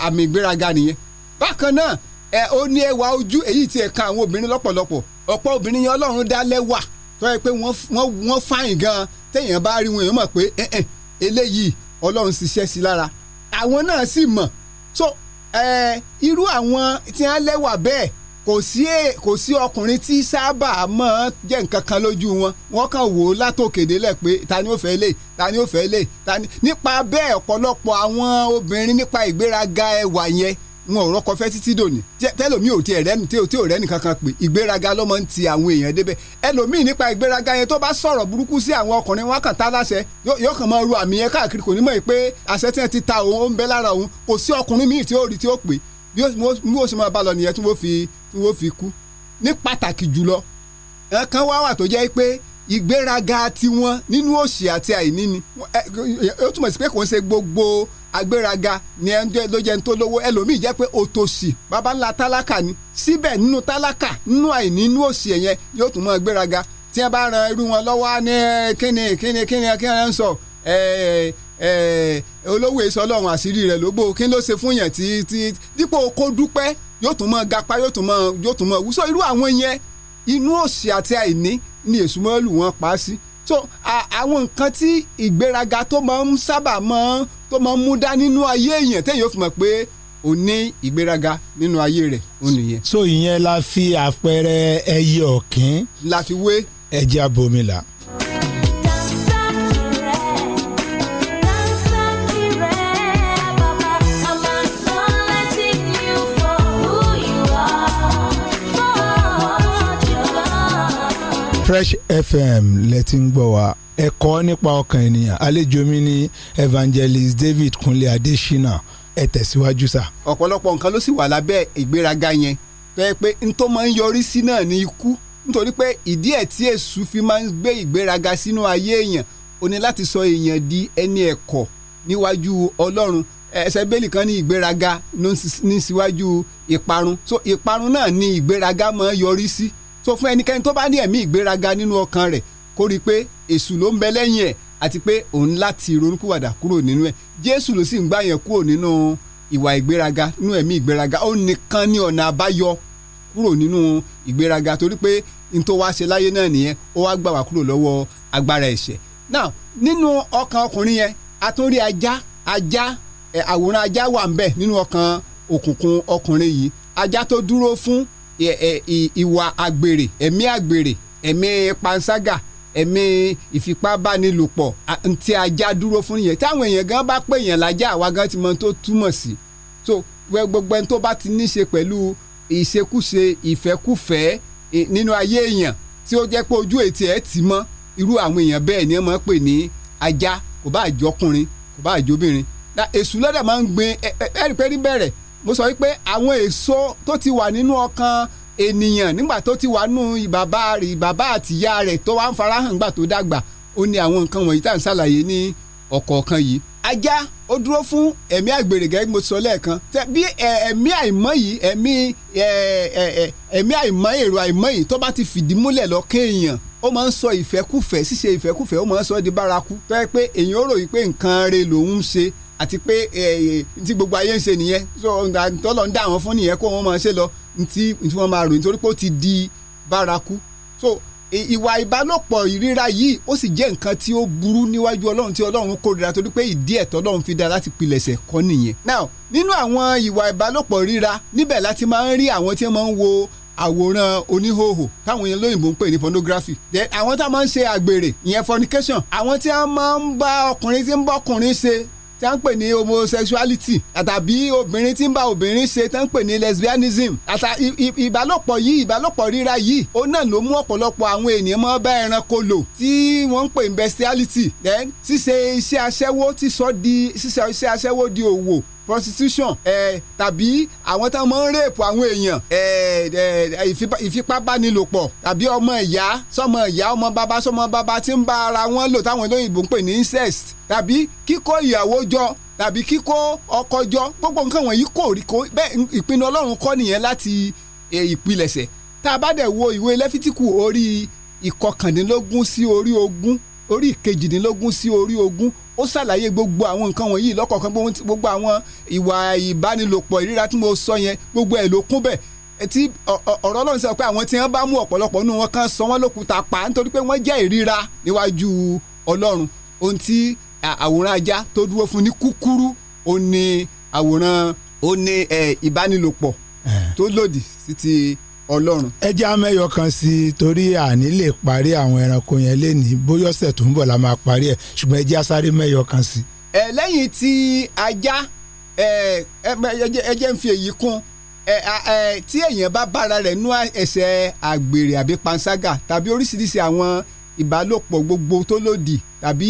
àmì ìgbéraga nìyẹn bákan náà ẹ ó ní ẹwà ojú èyí tí ẹ àwọn obìnrin lọ́pọ̀lọpọ̀ ọ̀pọ̀ obìnrin yẹn Ọlọ́run dá lẹ́wà tó yẹ pé wọ́n fáyìn gan téèyàn bá rí wọn èèyàn mọ̀ pé eléyìí Ọlọ́run ṣiṣẹ́ sí lára àwọn náà sì mọ̀ so irú àwọn tí wọ́n lẹ́wà bẹ́ẹ̀ kò sí kò sí ọkùnrin tí sábà máa jẹ́ nǹkan kan lójú wọn wọ́n kàn wò ó látòkèdè lẹ̀ pé ta ni ó fẹ́ lè ta ni ó fẹ́ lè ta ni nípa bẹ́ẹ̀ ọ̀pọ̀lọpọ̀ àwọn obìnrin nípa ìgbéraga ẹwà yẹn wọn ò rọkọ fẹ́ títí dòní tẹlomi ò tiẹ̀ rẹ́ni tí o tí o rẹ́ni kankan pé ìgbéraga lọ́mọ ń ti àwọn èèyàn débẹ̀ ẹlòmíì nípa ìgbéraga yẹn tó bá sọ̀rọ̀ burúkú sí àwọn ọkùnrin wọn kàn tá láṣẹ yóò kàn máa ru àmì yẹn káàkiri kò ní mọ̀ pé àṣẹ tí wọ́n ti ta òun ó ń bẹ lára òun kò sí ọkùnrin míì tí ó rí tí ó pè bí ó sì máa bá lọ nìyẹn tí wọ́n fi tí wọ́n fi kú ní pàtàkì jùlọ ẹ̀kan wá wà tó jẹ́ pé ìgbéraga tiwọn nínú òṣì àti àìní ni ó túmọ̀ sí pé kò ń ṣe gbogbo agbéraga ni ẹni ló jẹ́ ní tó lówó ẹlòmíì jẹ́ pé òtòṣì baba ńlá tálákà ni síbẹ̀ nínú tálákà nínú àìní nínú òṣì ẹ̀yẹn yóò tún mọ́ agbéraga tí wọ́n bá ran irú wọn lọ́wọ́ ní eh, kíni kíni kíni kíni ẹ̀ ń sọ eh, eh, olówó èso ọlọ́run àṣírí rẹ̀ lógbó kí ló ṣe fún yẹn tí tí dípò kó dúpẹ́ yóò tún mọ́ gapá yóò tún mọ́ yóò tún mọ́ wúsọ irú àwọn yẹn inú òṣì àti àìní ni èsùmọ́lù wọn pa á sí so àwọn nǹkan tí ìgbéraga tó máa ń sábà máa ń tó máa mú dá nínú ayé èèyàn téèyàn fi mọ̀ pé ò ní ìgbéraga nínú ayé rẹ̀ ó nìyẹn. so ìyẹn la fi àpẹẹrẹ ẹyẹ ọ̀kín. la fi wé. ẹ̀jẹ̀ abomila. Fresh FM lẹ ti ń gbọ́ wa ẹ̀kọ́ nípa ọkàn ènìyàn àlejò mi ni evangelist David Kunle Adesina ẹ tẹ̀síwájú sa ọ̀pọ̀lọpọ̀ nǹkan ló sì wà lábẹ́ ìgbéraga yẹn fẹ́ pé n tó máa ń yọrí sí náà ni ikú nítorí pé ìdí ẹ̀ tí èṣù fi máa ń gbé ìgbéraga sínú ayé èèyàn ó ní láti sọ èèyàn di ẹni ẹ̀kọ́ níwájú Ọlọ́run ẹsẹ̀ bẹ́ẹ̀lì kan ní ìgbéraga ní síwájú ìparun so ìparun náà ni ìgbéraga máa ń yọrí sí so fún ẹnikẹ́ni tó bá ní ẹ̀mí ìgbéraga nínú ọkàn rẹ̀ kó rí i pé èṣù ló ń bẹ lẹ́yìn ẹ̀ àti pé òun láti ronúkúwàdà kúrò nínú ẹ̀ jésù ló sì ń gbà yẹn kúrò nínú ìwà ìgbéraga nínú ẹ̀mí ìgbéraga ó nìkan ní ọ̀nà àbáyọ kúrò nínú ìgbéraga torí pé n tó ṣe láyé náà nìyẹn ó wá gbà wá kúrò lọ́wọ́ agbára ẹ̀ṣẹ̀ now nínú ọkàn ọkùnrin yẹn àtúndì ajá ajá àwòrán ajá wà ń bẹ nínú ọkàn òkùnkùn ọkùnrin yìí ajá tó dúró fún ìwà àgbèrè ẹ̀mí àgbèrè ẹ̀mí panṣágà ẹ̀mí ìfipábánilòpọ̀ tí ajá dúró fún yẹn táwọn èèyàn gan bá pè yẹn lájà àwa gan ti mọ tó túmọ̀ sí so gbogbo ẹni tó bá ti ní ṣe pẹ̀lú ìṣekúṣe ìfẹ́kúfẹ́ nínú ayé èèyàn tí ó jẹ́ pé ojú ètí ẹ̀ ti mọ́ irú àwọn èèyàn bẹ́ẹ̀ ni wọ́n máa ń pè ní ajá kò bá àjọkùnrin kò bá àjọbìnrin èṣù lọ́dà máa ń gbin ẹ̀ẹ́dì pé níbẹ̀rẹ̀ mo sọ wípé àwọn èso tó ti wà nínú ọkàn ènìyàn nígbà tó ti wà nù bàbá rẹ̀ bàbá àtìyá rẹ̀ tó wà ń farahàn nígbà tó dàgbà ó ní àwọn nǹkan wọ̀nyí tá à ń ṣàlàyé ní ọ̀kọ̀ọ̀kan yìí ajá ó dúró fún ẹ̀mí àgbèrè mo sọ lẹ́ẹ̀kan bí ẹ̀mí àìmọ́ yìí ẹ̀mí ẹ̀mí àìmọ́ èrò àìmọ́ yìí tó bá ti fìdí múlẹ̀ lọ kéèyàn ó máa ń sọ ìfẹ́kùfẹ́ ṣíṣe ìfẹ́kùfẹ́ ó máa ń sọ di bárakú tó yẹ pé èèyàn ó ròyìn pé nǹkan re lòun ń ṣe àti pé tí gbogbo ayé ń ṣe nìyẹn tó lọ ń dá àwọn fún nìyẹn kó wọn máa ṣe lọ ntí ntí wọ́n máa rò nítorí pé ó ti di bárakú so ìwà ìbálòpọ̀ ìríra yìí ó sì jẹ́ nǹkan tí ó burú níwájú ọlọ́run tí ọlọ́run kórìíra torí pé ìdí ẹ̀tọ́ ọlọ́run fi dá láti pilẹ̀ṣẹ̀ kọ́ nìyẹn. now nínú àwọn ìwà ìbálòpọ̀ ríra níbẹ̀ láti máa ń rí àwọn tí wọ́n ń wo àwòrán oníhòòhò táwọn yẹn lóyìnbó ń pè ní pornography then àwọn tá máa ń ṣe àgbèrè ìyẹn fornication àwọn tí wọ́n máa ń bá ọkùnrin tí ń bọ́kùnrin ṣe tí wọ́n ń pè ní homosexuality àtàbí obìnrin tí ń bá obìnrin ṣe tí wọ́n ń pè ní lesbianism àtà ìbálòpọ̀ yìí ìbálòpọ̀ rírà yìí òun náà ló mú ọ̀pọ̀lọpọ̀ àwọn ènìyàn mọ́ bá ẹranko lò tí wọ́n ń pè ní bestiality then ṣíṣe iṣẹ́ aṣẹ́wó ti sọ di ṣíṣe iṣẹ́ aṣẹ́wó di òwò prostitution ẹ tàbí àwọn tó máa ń rèèpù àwọn èèyàn ẹ ìfipábánilòpọ̀ tàbí ọmọ ìyá sọmọ ìyá ọmọ bàbá sọmọ bàbá tí ń bá ara wọn lò táwọn olóyìnbó ń pè ní incest tàbí kíkó ìyàwó jọ tàbí kíkó ọkọ jọ gbogbo nǹkan wọ̀nyí kò rí kó bẹ́ẹ̀ ìpinnu Ọlọ́run kọ́ nìyẹn láti ìpilẹ̀ṣẹ̀ tá a bá dẹ̀ wo ìwé lẹ́fítíkù orí ìkọkàndínlógún sí orí ogún orí ìkejìdínlógún sí orí ogún ó ṣàlàyé gbogbo àwọn nǹkan wọ̀nyí lọ́kọ̀ọ̀kan gbogbo àwọn ìwà ìbánilòpọ̀ ìríra tí mo sọ yẹn gbogbo ẹ̀ ló kún bẹ̀ tí ọ̀rọ̀ Ọlọ́run sọ pé àwọn tí wọ́n bá mú ọ̀pọ̀lọpọ̀ nínú wọn kan sọ wọ́n lókùúta pa nítorí pé wọ́n jẹ́ ìríra níwájú Ọlọ́run ohun tí àwòrán ajá tó dúró fún ní kúkúrú ó àwòrán ó ìbánilòpọ̀ tó lòdì sí ti ọlọ́run. ẹjẹ́ amẹ́yọ kan sí i torí àní lè parí àwọn ẹranko yẹn lénìí bóyá ọ̀sẹ̀ tó ń bọ̀ la máa parí ẹ̀ ṣùgbọ́n ẹjẹ́ asáré mẹ́yọ kan sí i. ẹ lẹ́yìn tí ajá ẹjẹ́ ń fi èyí kún tí èèyàn bá bára rẹ̀ nú ẹsẹ̀ àgbèrè àbí panṣágà tàbí oríṣiríṣi àwọn ìbálòpọ̀ gbogbo tó lòdì tàbí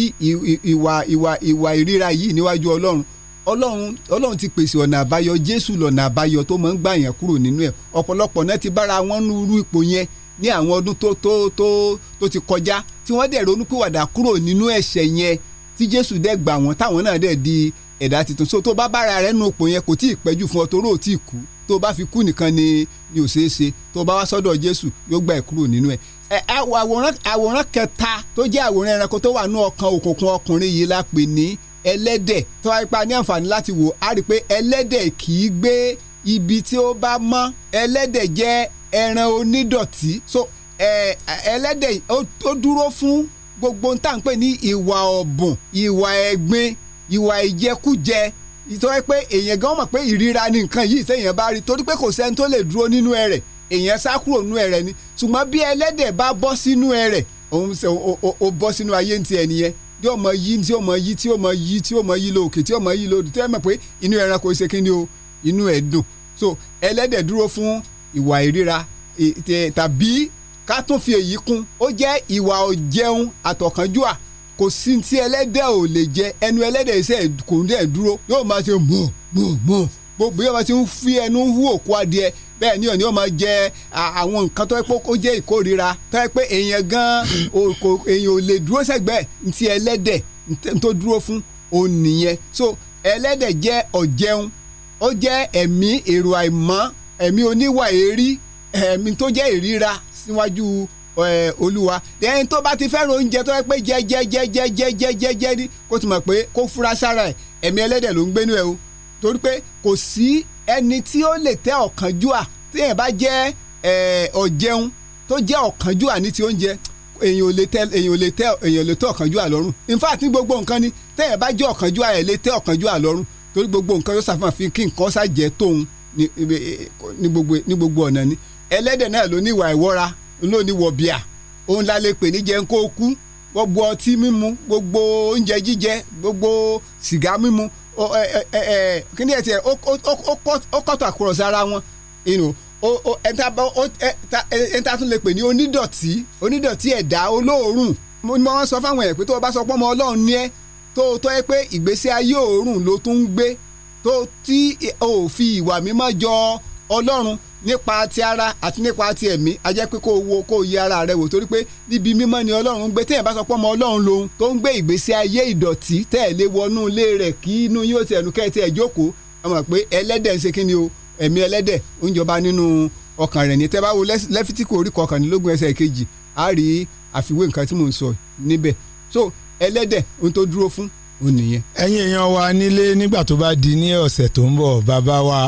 ìwà ìríra yìí níwájú ọlọ́run ọlọ́run ọlọ́run ti pèsè ọ̀nà àbáyọ jésù lọ́nà àbáyọ tó máa ń gbà yẹn kúrò nínú ẹ̀ ọ̀pọ̀lọpọ̀ náà ti bára wọn nu irú ipò yẹn ní àwọn ọdún tó tó tó tó ti kọjá tí wọ́n dẹ̀ ronúpìwàdà kúrò nínú ẹ̀ṣẹ̀ yẹn tí jésù dẹ̀ gbà wọ́n táwọn náà dẹ̀ di ẹ̀dá tuntun so tó bá bára rẹ nu ipò yẹn kò tí ì pẹ́jù fún ọ toró ò tí ì kú tó bá fi kú nìkan ni ni ò ṣeé ṣe tó bá wá sọ́dọ̀ jésù yóò gbà ẹ̀ kúrò nínú ẹ̀ àwòrán àwòrán kẹta tó jẹ́ àwòrán ẹranko tó wà ní ọkàn òkùnkùn ọkùnrin yìí la ní ẹlẹ́dẹ̀ tó wáyé pa ní àǹfààní láti wò á rí i pé ẹlẹ́dẹ̀ kì í gbé ibi tí ó bá mọ́ ẹlẹ́dẹ̀ jẹ́ ẹran onídọ̀tí so ẹlẹ́dẹ̀ ó dúró fún gbogbo ń tà ń pè ní ìwà ọ̀bùn ìwà ẹ̀gbin ìwà ìjẹkújẹ ìtọ́wẹ́ pé èèyàn gan mọ̀ pé ìríra ni nǹkan yìí téèyàn bá rí torí pé kò sẹ́ni tó lè dúró nínú ẹrẹ̀ èèyàn sá kúrò nínú ẹrẹ̀ ni ṣùgbọ́n bí ẹlẹ́dẹ̀ bá bọ́ sínú ẹrẹ̀ òun ó bọ́ sínú ayé ń ti ẹ̀ nìyẹn tí ó mọ yí tí ó mọ yí tí ó mọ yí tí ó mọ yí lóòkè tí ó mọ yí lóòdì tí ẹ mọ̀ pé inú ẹranko ṣe kí ni o inú ẹ̀ dùn so ẹlẹ́dẹ̀ dúró fún ìwà ìríra tàbí ká tún fi èyí kún ó jẹ́ ìwà ọ̀jẹun àtọ̀kánjúà kò sí tí ẹlẹ́dẹ̀ ò lè jẹ ẹnu ẹlẹ́dẹ̀ iṣẹ́ kò ń dẹ̀ dúró yóò máa ṣe mọ̀ mọ̀ mọ̀ bó bí wọ́n ti ń fi ẹnu hú òkú adìẹ bẹ́ẹ̀ ni òní ó máa jẹ àwọn nǹkan tó yẹ pé ó jẹ́ ìkórira tó yẹ pé èèyàn gan èèyàn ò lè dúró sẹ́gbẹ̀ẹ́ ti ẹlẹ́dẹ̀ tó dúró fún òun nìyẹn so ẹlẹ́dẹ̀ jẹ́ ọ̀jẹun ó jẹ́ ẹ̀mí èrò àìmọ́ ẹ̀mí oníwà èrí ẹ̀mí tó jẹ́ ìríra síwájú olúwa ẹni tó bá ti fẹ́ràn oúnjẹ tó yẹ pé jẹ́jẹ́jẹ́jẹ́jẹ́jẹ́jẹ́ ni kó ti mọ̀ pé kó fura sára ẹ̀ ẹ̀mí ẹlẹ́dẹ̀ ló ń gbénú ẹ̀ o torí pé kò sí ẹni tí ó lè tẹ́ ọ̀kánjúà téèyàn bá jẹ́ ọ̀jẹun tó jẹ́ ọ̀kánjúà ní ti oúnjẹ èyàn ò lè tẹ́ èyàn ò lè tẹ́ èyàn ò lè tẹ́ ọ̀kánjúà lọ́rùn in fact ní gbogbo nǹkan ni téèyàn bá jẹ́ ọ̀kánjúà ẹ̀ lè tẹ́ ọ̀kánjúà lọ́rùn torí gbogbo nǹkan yóò ṣàfihàn fi kí nǹkan ṣàjẹ́ tóun ní gbogbo ní gbogbo ọ̀nà ni ẹlẹ́dẹ̀ náà ló ní ìwà ìwọ́ra ló ní wọ̀bìà òun la lè pè ní jẹ́ kó kú gbogbo ọtí mímu gbogbo oúnjẹ jíjẹ gbogbo sìgá mímu kíni ẹ̀ tiẹ̀ ó kọ́tọ̀ àkúrọ̀sọ ara wọn ẹ̀ńtà tún lè pè ní onídọ̀tí onídọ̀tí ẹ̀dá olóòórùn mo ní wọ́n sọ fáwọn ẹ̀ pé tó o bá sọ pọ́nmọ ọlọ́run ní ẹ́ tó o tọ́ ẹ pé ìgbésí ayé òórùn ló tún ń gbé tó tí o fi ìwà mímọ́ jọ ọlọ́run nípa ti ara àti nípa ti ẹ̀mí a jẹ́ pé kó o wo kó o yẹ ara rẹ wò torí pé níbi mímọ́ ni ọlọ́run ń gbé téèyàn bá sọ pé ọmọ ọlọ́run lòun tó ń gbé ìgbésí ayé ìdọ̀tí tẹ́ ẹ̀ lé wọnú ilé rẹ̀ kí inú yóò ti ẹ̀nu kẹ́ ẹ̀ tí ẹ̀ jókòó ẹ mọ̀ pé ẹlẹ́dẹ̀ ń ṣe kí ni o ẹ̀mí ẹlẹ́dẹ̀ ń jọba nínú ọkàn rẹ̀ ní tẹ́ bá wo lẹ́fítíkù orí kọkànlélógún ẹsẹ̀ kejì á rí àfiwé nǹkan tí mò ń sọ níbẹ̀ so ẹlẹ́dẹ̀ ohun tó dúró fún ó nìyẹn. ẹ̀yin èèyàn wa nílé nígbà tó bá di ní ọ̀sẹ̀ tó ń bọ̀ bàbá wa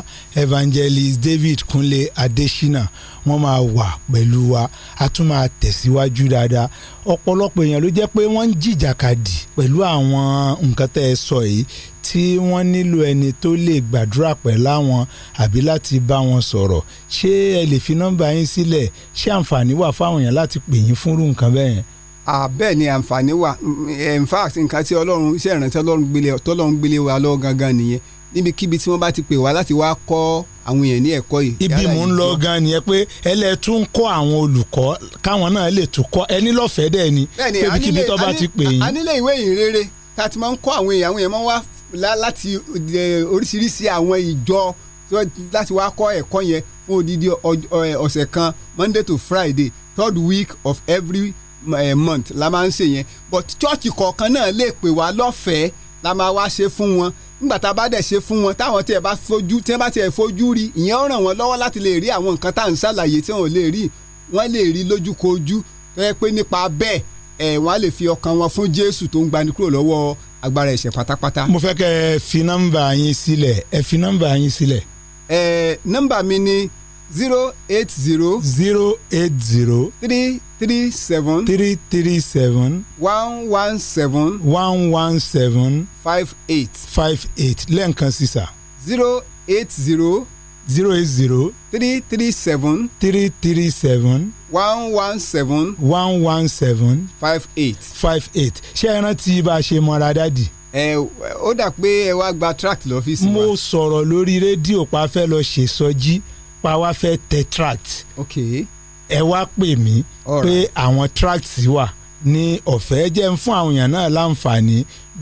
evangelist David Kunle Adesina wọ́n máa wà pẹ̀lú wa a tún máa tẹ̀síwájú dáadáa ọ̀pọ̀lọpọ̀ èèyàn ló jẹ́ pé wọ́n ń jìjàkadì pẹ̀lú àwọn nǹkan tẹ́ ẹ sọ yìí tí wọ́n nílò ẹni tó lè gbàdúrà pẹ̀lú àwọn àbí láti bá wọn sọ̀rọ̀ ṣé ẹ lè fi nọ́mbà yín sílẹ̀ ṣé àǹfààní wà fáwọn èèyàn láti pè yín fúnrú nǹkan bẹ́ẹ̀ yẹn bẹ́ẹ̀ ni àǹfààní wà in fact nǹkan tí ọlọ́run iṣẹ́ ìrántí ọlọ́run gbélé tọ́lọ́run gbélé wa lọ́wọ́ gangan nìyẹn níbikíbi tí wọ́n bá ti pè wá láti wá kọ́ àwọn èèyàn ní ẹ̀kọ́ yìí. ibi mò ń lọ gan nìyẹn pé ẹlẹ́tún ń kọ́ àwọn olùkọ́ káwọn náà lè tún kọ́ ẹni lọ́fẹ̀ẹ́ dẹ̀ ni níbikíbi tó bá ti pè yín. anílé ìwé ìrere tá a ti máa ń kọ́ àwọn èèyàn àwọn èèyàn máa ń wá láti e, oríṣiríṣi àwọn ìjọ láti wá kọ́ ẹ̀kọ́ yẹn fún odidi e, ọ̀sẹ̀ kan Monday to Friday third week of every Eh, month la máa ń ṣe yẹn but chọ́ọ̀chì kọ̀ọ̀kan náà lè pè wá lọ́fẹ̀ẹ́ la máa wá ṣe fún wọn nígbà tá a bá dẹ̀ ṣe fún wọn táwọn tí ẹ bá fojú tí ẹ bá tiẹ̀ fojú rí ìyẹn ó ràn wọ́n lọ́wọ́ láti lè rí àwọn nǹkan tá à ń ṣàlàyé tí wọ́n lè rí wọ́n lè rí lójúkojú tó yẹ pé nípa bẹ́ẹ̀ ẹ̀ wọ́n lè fi ọkàn wọn fún Jésù tó ń gbani kúrò lọ́wọ́ agbára ẹ̀ṣẹ̀ pátápátá. mo fẹ́ kẹ́ ẹ fi nọ́mbà yín sílẹ̀ ẹ fi nọ́mbà yín sílẹ̀. ẹ nọ́mbà mi ni zero eight zero. zero eight zero. three three seven. three three seven. one one seven. one one seven. five eight. five eight lẹ́ǹkan sísà. zero eight zero. zero eight zero. three three seven. three three seven. one one seven. one one seven. five eight. five eight ṣé ẹ rántí bá a ṣe mọ́ra dádì ẹ ó dà pé ẹ wá gba tract lọ́fíìsì wa. mo sọ̀rọ̀ lórí rédíò pa fẹ́ lọ ṣèsọjí. So pa wá fẹ́ tẹ tract ẹ wá pè mí pé àwọn tracts wà ní ọ̀fẹ́ jẹ́ ń fún àwọn èèyàn náà láǹfààní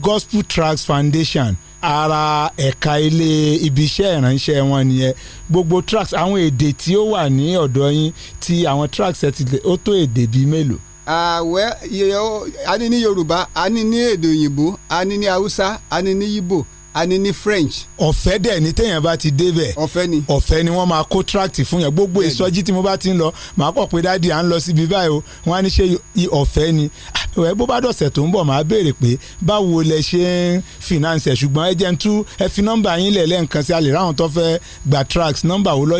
Gospel Tracts Foundation ara ẹ̀ka ilé ibi iṣẹ́ ìránṣẹ́ wọn nìyẹn gbogbo tracts àwọn èdè tí ó wà ní ọ̀dọ̀ yín ti àwọn tracts ẹ̀ ti lè ó tó èdè bíi mélòó àwẹ a ní ní yorùbá a ní ní èdè òyìnbó a ní ní haúsá Ani ní ní yíbò a ní ní french. ọ̀fẹ́ dẹ̀ ni téèyàn bá ti débẹ̀. ọ̀fẹ́ ni. ọ̀fẹ́ ni wọ́n máa kó tract fún yẹn gbogbo ìsọjí tí mo bá ti ń lọ màá kọ̀ pé dáàdi à ń lọ síbi báyìí o wọ́n á ní ṣe ọ̀fẹ́ ni. Ah, ẹ bó bá dọ̀sẹ̀ tó ń bọ̀ màá béèrè pé báwo lẹ ṣe ń finance ẹ̀ ṣùgbọ́n ẹ jẹ́ ń tú ẹ fi nọ́mbà yín lẹ̀ lẹ́ǹkan sí a lè tó fẹ́ gba tract nọ́mbà wo lọ́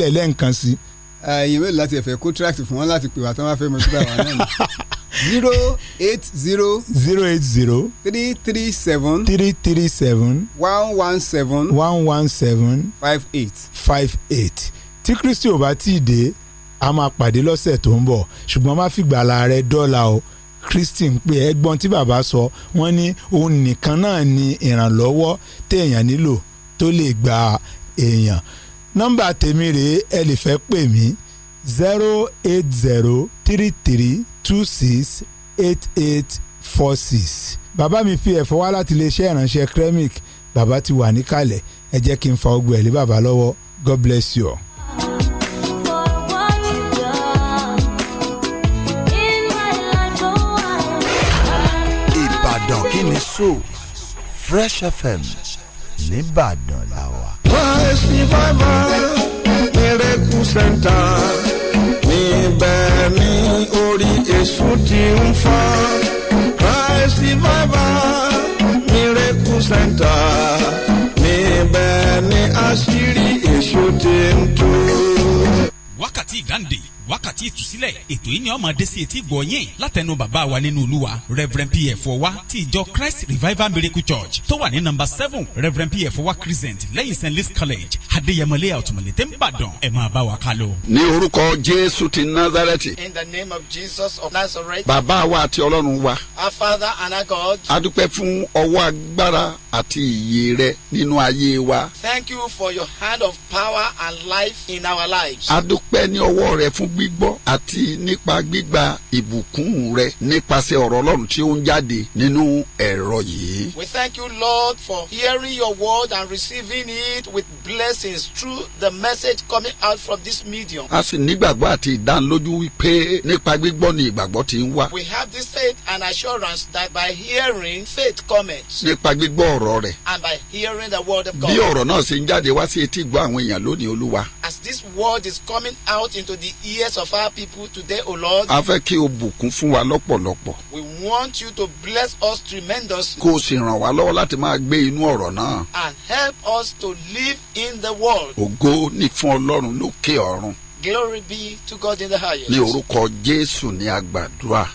lè láti ẹ̀fẹ̀ kó fún wọn láti pè wá tán bá fẹ́ mọ síbẹ̀ wà náà zero eight zero. zero eight zero. three three seven. three three seven. one one seven. one one seven. five eight. five eight tí kristi ò bá tí ì dé a máa pàdé lọ́sẹ̀ tó ń bọ̀ ṣùgbọ́n má fi gbàlà rẹ dọ́là o kristi ń pè ẹgbọ́n tí bàbá sọ wọ́n ní òun nìkan náà ni ìrànlọ́wọ́ téèyàn nílò tó lè gba èèyàn nọ́mbà tèmi rèé ẹ lè fẹ́ pè mí zero eight zero three three two six eight eight four six. bàbá mi fi ẹ̀fọ́ wá láti iléeṣẹ́ ìránṣẹ́ kremik bàbá ti wà níkàlẹ̀ ẹ jẹ́ kí n fa ogun ẹ̀ lé bàbá lọ́wọ́ god bless you. ìbàdàn kí ni so fresh fm nìbàdàn làwà. wá sí bàbá mẹrẹkù sẹńtà níbẹ̀ ní orí èṣù ti ń fọ́ Christ revival miracle center níbẹ̀ ní àṣírí èṣù ti ń tú. wákàtí ìdáǹdè wákàtí ìtúsílẹ̀ ètò yìí ni ó máa sí etí gbọ̀nyìn látẹnu bàbá wa nínú olúwa reverend pf ọwa ti ìjọ christ revival miracle church tó wà ní number seven reverend pf ọwa crescent lẹ́yìn st louis college adéyẹmọlẹ́ àtùmọ̀lẹ́ tẹ́ ń bàdàn ẹ̀ máa bá wa kálọ. ní orúkọ jésù ti nazareti. in the name of jesus of nazareth. bàbá wa àti ọlọ́run wa. our father and our god. a dúpẹ́ fún ọwọ́ agbára àti ìyè rẹ nínú ayé wa. thank you for your hand of power and life in our lives. a dúpẹ́ ní ọwọ́ rẹ fún bí gbígbọ́ àti nípa gbígba ìbùkún rẹ nípasẹ̀ ọ̀rọ̀ ọlọ́run tí ó ń jáde nínú ẹ̀rọ yìí. We thank you Lord for hearing your word and receiving it with blessings through the message coming out from this medium. a sì nígbàgbọ́ àti ìdánilójú wípé nípa gbígbọ́ ni ìgbàgbọ́ ti ń wá. We have this faith and assurance that by hearing faith comments nípa gbígbọ́ ọ̀rọ̀ rẹ̀. and by hearing the word of God. bí ọ̀rọ̀ náà ṣe ń jáde wá sí etí ìgbọ́ àwọn èèyàn lónìí olúwa. as this word is coming out into the ears lives of our people today, O Lord. A fẹ́ kí o bùkún fún wa lọ́pọ̀lọpọ̀. We want you to bless us tremendously. Kó o sì ràn wá lọ́wọ́ láti máa gbé inú ọ̀rọ̀ náà. And help us to live in the world. Ògo ni fún Ọlọ́run lókè ọ̀run. Glory be to God in the highest. Ní orúkọ Jésù ni a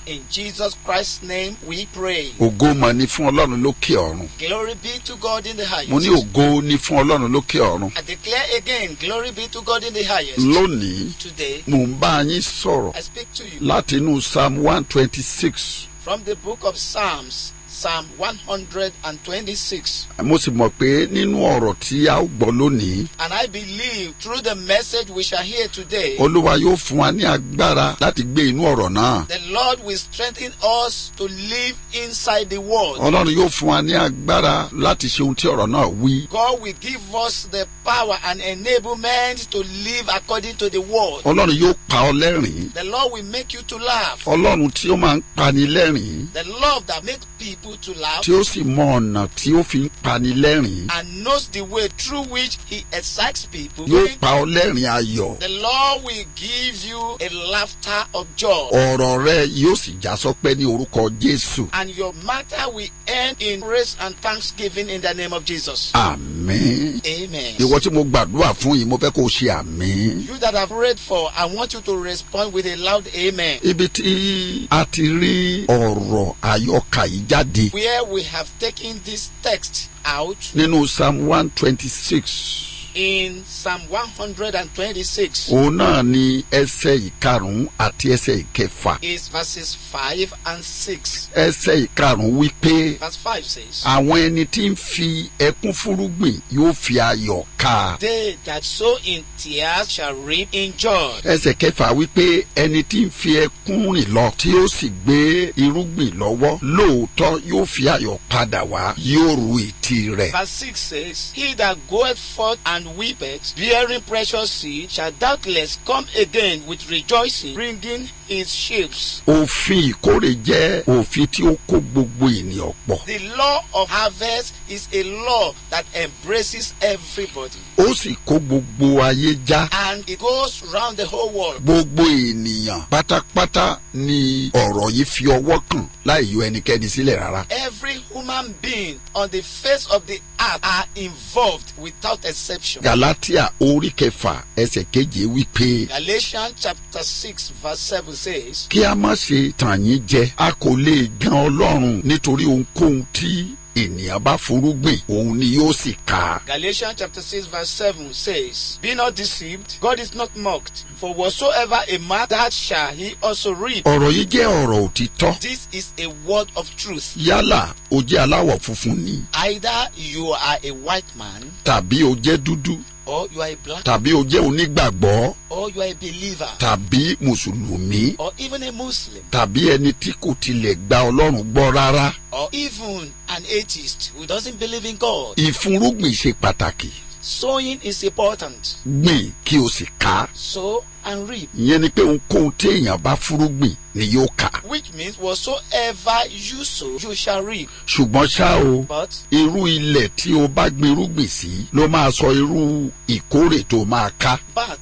In Jesus Christ's name we pray. Ògo mà ni fún Ọlọ́run lókè ọ̀run. Glory be to God in the highest. Mo ní ògo ni fún Ọlọ́run lókè ọ̀run. I declare again glory be to God in the highest. Lónìí, Today, mò ń bá yín sọ̀rọ̀. I speak to you. Psalm one twenty six. From the book of Psalms psalm one hundred and twenty-six. mo sì mọ̀ pé nínú ọ̀rọ̀ tí a ó gbọ́ lónìí. and I believe through the message we shall hear today. olúwa yóò fún wa ní agbára láti gbé inú ọ̀rọ̀ náà. the Lord will strengthen us to live inside the world. ọlọ́run yóò fún wa ní agbára láti ṣe ohun tí ọ̀rọ̀ náà wí. God will give us the power and enablement to live according to the word. ọlọ́run yóò pa ọ lẹ́rìn. the Lord will make you to laugh. ọlọ́run tí ó máa ń pani lẹ́rìn. the love that makes people people to laugh. tí ó sì mọ ọ̀nà tí ó fi ń pani lẹ́rìn. and knows the way through which he excites people. yóò pa ọ lẹ́rìn ayọ̀. the law will give you a laughter of joy. ọ̀rọ̀ rẹ yóò sì já sọpẹ́ ní orúkọ Jésù. and your matter will end in praise and thanksgiving in the name of Jesus. Amen. amen. ìwọ tí mo gbàdúrà fún yìí mo fẹ́ kó o ṣe àmín. you that have prayed for I want you to respond with a loud amen. ibi tí a ti rí ọ̀rọ̀ àyọkà yìí jáde jáde. where we have taken this text out. nínú psalm one twenty six in psalm one hundred and twenty-six. òun náà ni ẹsẹ̀ ìkarùn-ún àti ẹsẹ̀ ìkẹfà. is verses five and six. ẹsẹ̀ ìkarùn-ún wípé. verse five says. àwọn ẹni tí ń fi ẹkún fúrúgbìn yóò fi ayọ̀ ká. they that sow in tears shall reap in joy. ẹsẹ̀ kẹfà wípé ẹni tí ń fi ẹkún rìn lọ tí ó sì gbé irúgbìn lọ́wọ́ lóòótọ́ yóò fi ayọ̀ padà wá yóò ru ìtì tirẹ̀. verse six says he that goeth forth and weepeth bearing precious seed shall doubtless come again with rejoicing bringing his sheaves. òfin ìkórè jẹ́ òfin tí ó kó gbogbo ènìyàn pọ̀. the law of harvest is a law that embraces everybody ó sì kó gbogbo ayé já. and it goes round the whole world. gbogbo ènìyàn pátápátá ni ọ̀rọ̀ yìí fi ọwọ́ kàn láì yọ ẹnikẹ́ni sílẹ̀ rárá. every human being on the face of the earth are involved without exception. galatia orí kẹfà ẹsẹ̀ keje wípé. galatians chapter six verse seven says. kí a má ṣe tàn yín jẹ a kò lè gan ọlọ́run nítorí ohunkóhun tí ènìyàn bá forúgbìn òun ni yóò sì ká. Galatians chapter six verse seven says be not deceived God is not mocked for whatsoever a man that shall he also reap. ọ̀rọ̀ yìí jẹ́ ọ̀rọ̀ òtítọ́. this is a word of truth. yálà o jẹ́ aláwọ̀ funfun ni. either you are a white man. tàbí o jẹ́ dúdú or you are a black. tàbí o jẹ́ onígbàgbọ́. or you are a believer. tàbí mùsùlùmí. or even a muslim. tàbí ẹni tí kò tilẹ̀ gba ọlọ́run gbọ́ rárá. or even an atheist who doesn't believe in God. ìfúnrúgbìn ṣe pàtàkì sowing is important. gbìn kí o sì ká. sow and reap. ìyẹn ni pé ohunkóhun tí èèyàn bá fúrúgbìn ni yóò ká. which means whatsoever you sow you shall reap. ṣùgbọ́n ṣá o but irú ilẹ̀ tí o bá gbin irúgbìn sí ló máa sọ irú ìkórè tó máa ká. but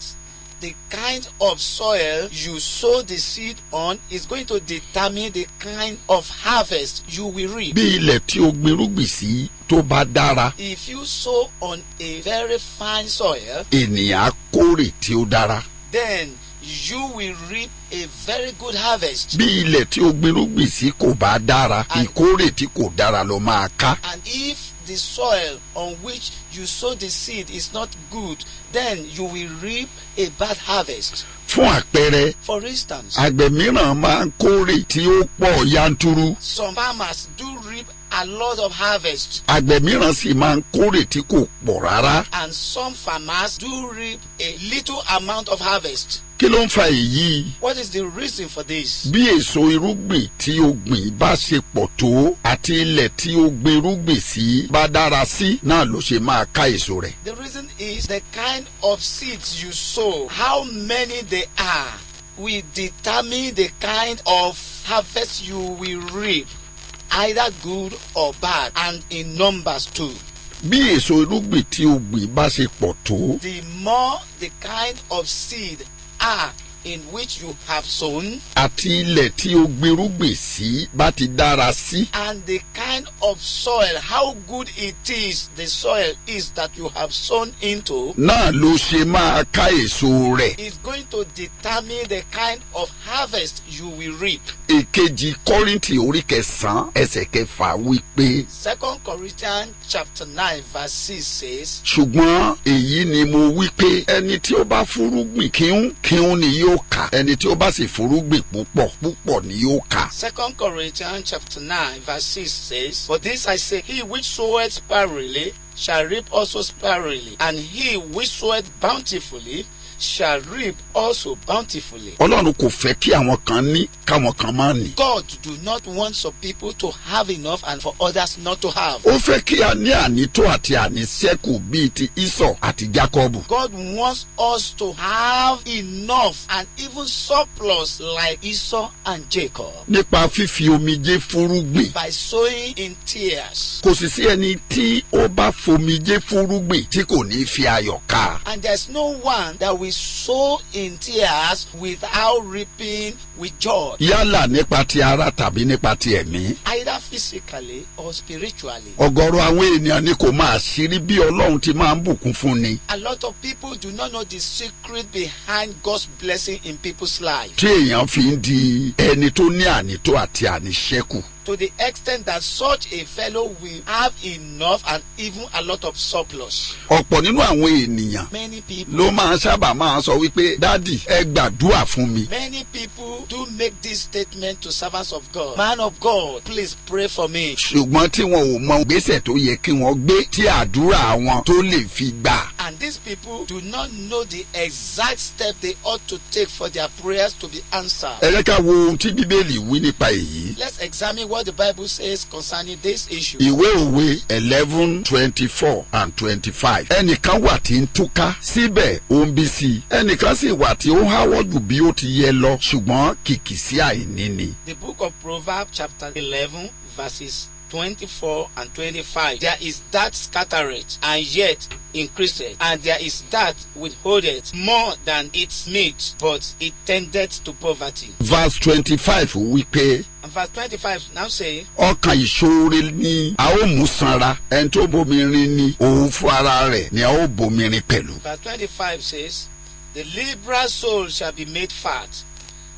the kind of soil you sow the seed on is going to determine the kind of harvest you will reap. bí ilẹ̀ tí o gbèrúgbìn sí tó bá dára. if you sow on a very fine soil. ènìyàn kórè tí ó dára. then you will reap a very good harvest. bí ilẹ̀ tí o gbèrúgbìn sí kò bá dára ìkórè tí kò dára ló máa ká. and if the soil on which you sow the seed is not good, then you will reap a bad harvest. Fún àpẹẹrẹ. For instance. Àgbẹ̀ mìíràn máa ń kórè tí ó pọ̀ yanturu. Some farmers do a lot of harvest. àgbẹ̀ mìíràn sì máa ń kórè tí kò pọ̀ rárá. and some farmers do reap a little amount of harvest. kí ló ń fa èyí. what is the reason for this. bí èso irúgbìn tí o gbìn bá ṣe pọ̀ tó àti ilẹ̀ tí o gbin irúgbìn sí bá dára sí náà ló ṣe máa ká èso rẹ̀. the reason is the kind of seeds you sow how many they are will determine the kind of harvest you will reap either good or bad and in numbers too. bí èso irúgbìn tí o gbìn bá ṣe pọ̀ tó. the more the kind of seed are in which you have sown. àti ilẹ̀ tí o gbèrúgbìn sí bá ti dára sí. and the kind of soil how good it is the soil is that you have sown into. náà ló ṣe máa ká èso rẹ̀. is going to determine the kind of harvest you will reap ìkejì kọ́rìntì orí kẹsàn-án ẹsẹ̀ kẹfà wípé. second corinthians chapter nine verse six says. ṣùgbọ́n èyí ni mo wí pé ẹni tí ó bá fúrúgbìn kíhún kíhún ni yóò kà ẹni tí ó bá sì fúrúgbìn púpọ̀ púpọ̀ ni yóò kà. second corinthians chapter nine verse six says. for this i say he which soweth sparingly shall reap also sparingly and he which soweth bountifully shall reap also bountifully. Ọlọ́run kò fẹ́ kí àwọn kan ní káwọn kan má ní. God do not want some people to have enough and for others not to have. Ó fẹ́ kí a ní ànító àti àníṣẹ́kù bíi ti Esau àti Jacob. God wants us to have enough and even surplus like Esau and Jacob. Nípa fífi omijé fúrúgbìn. By sowing in tears. Kò sì sí ẹni tí ó bá fomijé fúrúgbìn tí kò ní fi ayọ̀ ká. And there is no one that will sow in tears without reaping with joy. yálà nípa ti ara tàbí nípa ti ẹ̀mí. either physically or spiritually. ọ̀gọ̀rọ̀ àwọn ènìyàn ni kò máa ṣírí bí ọlọ́run ti máa ń bùkún fún ni. a lot of people do not know the secret behind God's blessing in people's lives. tí èèyàn fi ń di ẹni tó ní ànító àti àníṣẹ́kù to the extent that such a fellow will have enough and even a lot of surplus. ọ̀pọ̀ nínú àwọn ènìyàn many people ló máa sábà máa sọ wípé dádì ẹ gbàdúrà fún mi. many people do make this statement to servants of God man of God please pray for me. ṣùgbọ́n tí wọn ò mọ gbèsè tó yẹ kí wọ́n gbé tí àdúrà wọn tó lè fi gbà. and these people do not know the exact step they ought to take for their prayers to be answered. ẹ jẹ́ ká wo ohun tí bíbélì wí nípa èyí. let's examine what the bible says concerning this issue. ìwé òwe eleven twenty four and twenty five ẹnìkan wà tí ń túká síbẹ̀ ó ń bí sí i ẹnìkan sì wà tí ó ń háwọ́ jù bí ó ti yẹ lọ ṣùgbọ́n kìkì sí àìní ni. the book of proverbs chapter eleven verses 24 and 25. There is that scattereth and yet increaseth, and there is that withholdeth more than its meat, but it tendeth to poverty. Verse 25 wípé. Verse 25 now say. Ọkàn ìṣoore ni a ó mú sanra, ẹni tó bomirin ni òun fún ara rẹ̀ ni a ó bomirin pẹ̀lú. Verse five says, The liberal soul shall be made fat,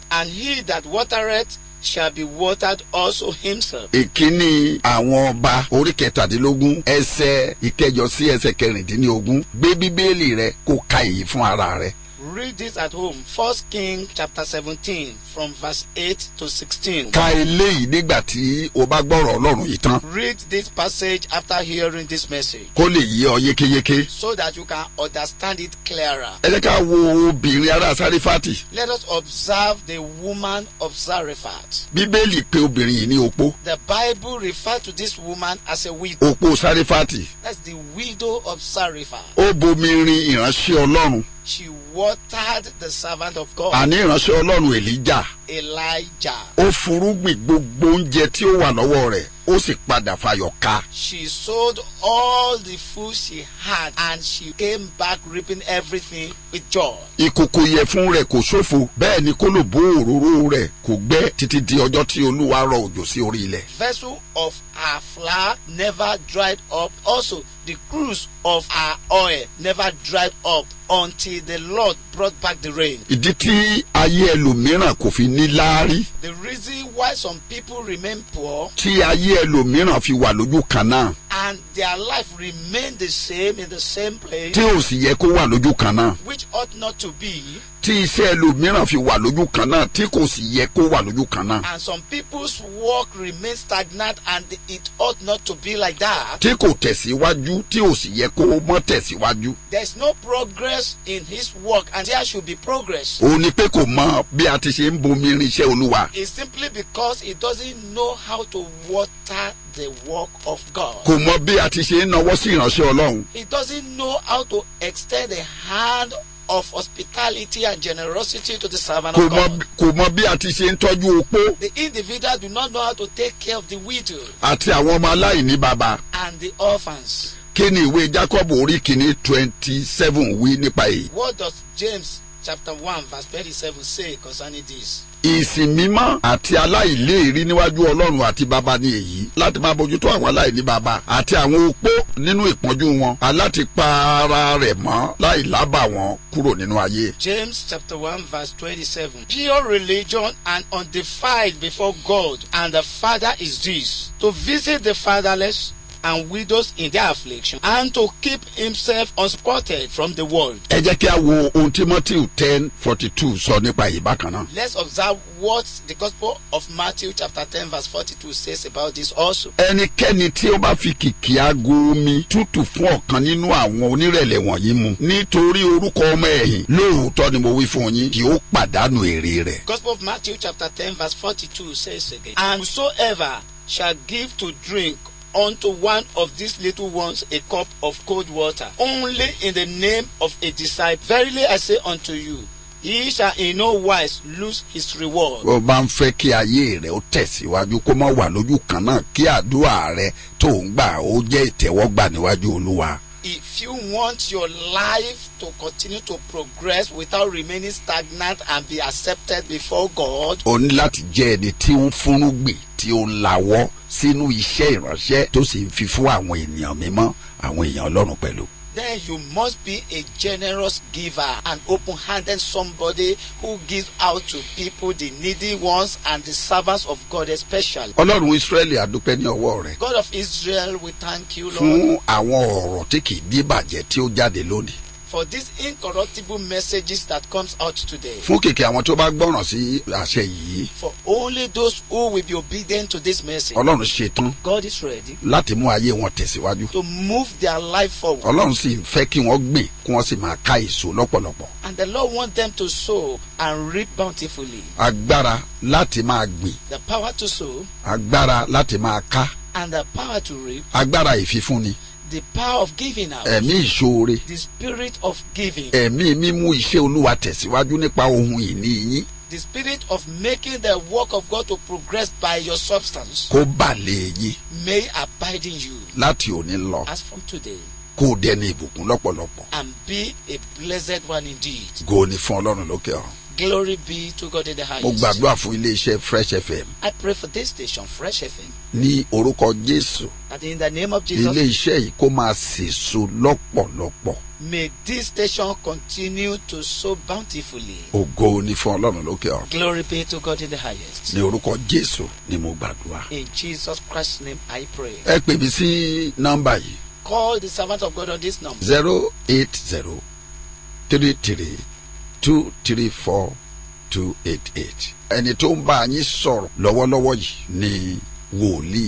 and he that watereth shall be watered also himself. ìkíni àwọn ọba orí kẹtàdínlógún ẹsẹ̀ ìkẹjọ sí ẹsẹ̀ kẹrìndínlógún gbé bíbélì rẹ kó ka èyí fún ara rẹ. Read this at home. First King chapter seventeen from verse eight to sixteen. Ka eléyìí nígbà tí o bá gbọ́rọ̀ Ọlọ́run yìí tán. Read this passage after hearing this message. Kó lè yé ọ yékéyéké. So that you can understand it clearer. Ẹ jẹ́ ká wo obìnrin ará Sarifati. Let us observe the woman of Sarifat. Bíbélì pè obìnrin yìí ní opó. The Bible refers to this woman as a widow. Opó Sarifati. That's the widow of Sarifat. Ó bomi rin ìránṣẹ́ Ọlọ́run she watered the servant of God. àní ìránṣẹ́ ọlọ́run elijah. elijah. ó furúgbìn gbogbo oúnjẹ tí ó wà lọ́wọ́ rẹ̀ ó sì padà fayọ̀ ká. she sold all the food she had and she came back reaping everything with joy. ìkòkò ìyẹ̀fun rẹ̀ kò ṣòfò bẹ́ẹ̀ ni kó ló bó òróró rẹ̀ kò gbẹ títí di ọjọ́ tí olúwa rọ òjò sí orí ilẹ̀. vessel of her flour never dried up also the cruise of her oil never dried up until the Lord brought back the rain. Ìdí tí ayé ẹlòmíràn kò fi ní láárí. The reason why some people remain poor. Tí ayé ẹlòmíràn fi wà lójú kan náà. And their life remain the same in the same place. Tí ò sì yẹ kó wà lójú kan náà. Which ought not to be tí iṣẹ́ ẹlòmíràn fi wà lójú kan náà tí kò sì yẹ kó wà lójú kan náà. and some people's work remains stagnant and it ought not to be like that. tí kò tẹ̀síwájú tí ò sì yẹ kó mọ́ tẹ̀síwájú. there is no progress in his work and there should be progress. ó ní pé kò mọ bí a ti ṣe ń bomi rin olúwa. it's simply because he doesn't know how to water the work of God. kò mọ bí a ti ṣe ń nawọ́ sí ìránṣẹ́ ọlọ́run. he doesn't know how to extend the hand of hospitality and generosity to the servant of God. kò mọ bí a ṣe ń tọ́jú opó. the individual do not know how to take care of the widow. àti àwọn ọmọ aláìní bàbá. and the orphans. kí ni ìwé jacob orí twenty seven wí nípa èyí. what does james chapter one verse thirty-seven say concerning this ìsìn mímọ́ àti aláìléèrí níwájú ọlọ́run àti bàbá ni èyí láti máa bójútó àwọn aláìní bàbá àti àwọn opó nínú ìpọ́njú wọn aláti pa ara rẹ̀ mọ́ láì lábà wọn kúrò nínú ayé. James chapter one verse twenty-seven pure religion and undefiled before God and the Father is this to visit the fatherless and widows in their affliction and to keep himself unspotted from the world. ẹ jẹ́ kí a wo ohun tí matthew ten forty two sọ nípa yìí bákan náà. let's observe what the gospel of matthew chapter ten verse forty-two says about this also. ẹnikẹ́ni tí ó bá fi kìkì aago omi tútù fún ọ̀kan nínú àwọn onírẹ̀lẹ̀ wọ̀nyí mu nítorí orúkọ ọmọ ẹ̀yìn lóòótọ́ ni mo wí fún yín kí ó pàdánù èrè rẹ̀. gospel of matthew chapter ten verse forty-two says again and whosoever shall give to drink unto one of these little ones a cup of cold water, only in the name of a disciple. Verily I say unto you, he shall in no wise lose his reward. bó bá ń fẹ́ kí ayé rẹ̀ ó tẹ̀síwájú kó má wà lójú kan náà kí àdúrà rẹ̀ tó ń gbà ó jẹ́ ìtẹ́wọ́gbà níwájú olúwa. If you want your life to continue to progress without remaining stagnant and be accepted before God. o ní láti jẹ́ ẹni tí ń fúnrúgbìn tí ó ń lawọ́ sínú iṣẹ́ ìránṣẹ́ tó sì ń fi fún àwọn ènìyàn mímọ́ àwọn èèyàn ọlọ́run pẹ̀lú. Then you must be a generous giver, an open-handed somebody who gives out to people, the needy ones and the servants of God especially. Ọlọ́run Ísírẹ́lì àdúpẹ́ ní ọwọ́ rẹ̀. God of Israel we thank you Lord. Fún àwọn ọ̀rọ̀ tí kì í díbàjẹ́ tí ó jáde lónìí for these incorruptible messages that comes out today. fún kèké àwọn tí bá gbọ́ràn sí àṣẹ yìí. for only those who will be obedient to this message. ọlọ́run ṣetán. God is ready. láti mú ayé wọn tẹ̀síwájú. to move their life forward. ọlọ́run sì fẹ́ kí wọ́n gbìn kí wọ́n sì máa ká èso lọ́pọ̀lọpọ̀. and the lord want them to sow and reap bountifully. agbára láti máa gbìn. the power to sow. agbára láti máa ká. and the power to reap. agbára ìfifúnni the power of giving out. ẹ̀mí ìṣoore. the spirit of giving. ẹ̀mí mímú iṣẹ́ olúwa tẹ̀síwájú nípa ohun ìní yín. the spirit of making the work of God to progress by your substance. kó bà lè yín. may abide in you. láti òní lọ. as from today. kó dẹni ìbùkún lọ́pọ̀lọpọ̀. and be a blessed one indeed. góò fún ọlọ́run lókè ọ̀run glory be to God in the highest. mo gbàdúrà fún iléeṣẹ́ fresh fm. I pray for this station fresh fm. ní orúkọ jésù. that in the name of Jesus. iléeṣẹ́ yìí kó máa sèso lọ́pọ̀lọpọ̀. May this station continue to sow bountifully. Ògo ni fún Ọlọ́run lókè ọ̀run. Glory be to God in the highest. Ní orúkọ Jésù ni mo gbàdúrà. In Jesus Christ's name I pray. Ẹ pè mí sí nọ́mbà yìí. Call the servant of God on this number. zero eight zero three three two three four two eight eight ẹni tó ń bá yín sọ̀rọ̀ lọ́wọ́lọ́wọ́ yìí ni wòlíì.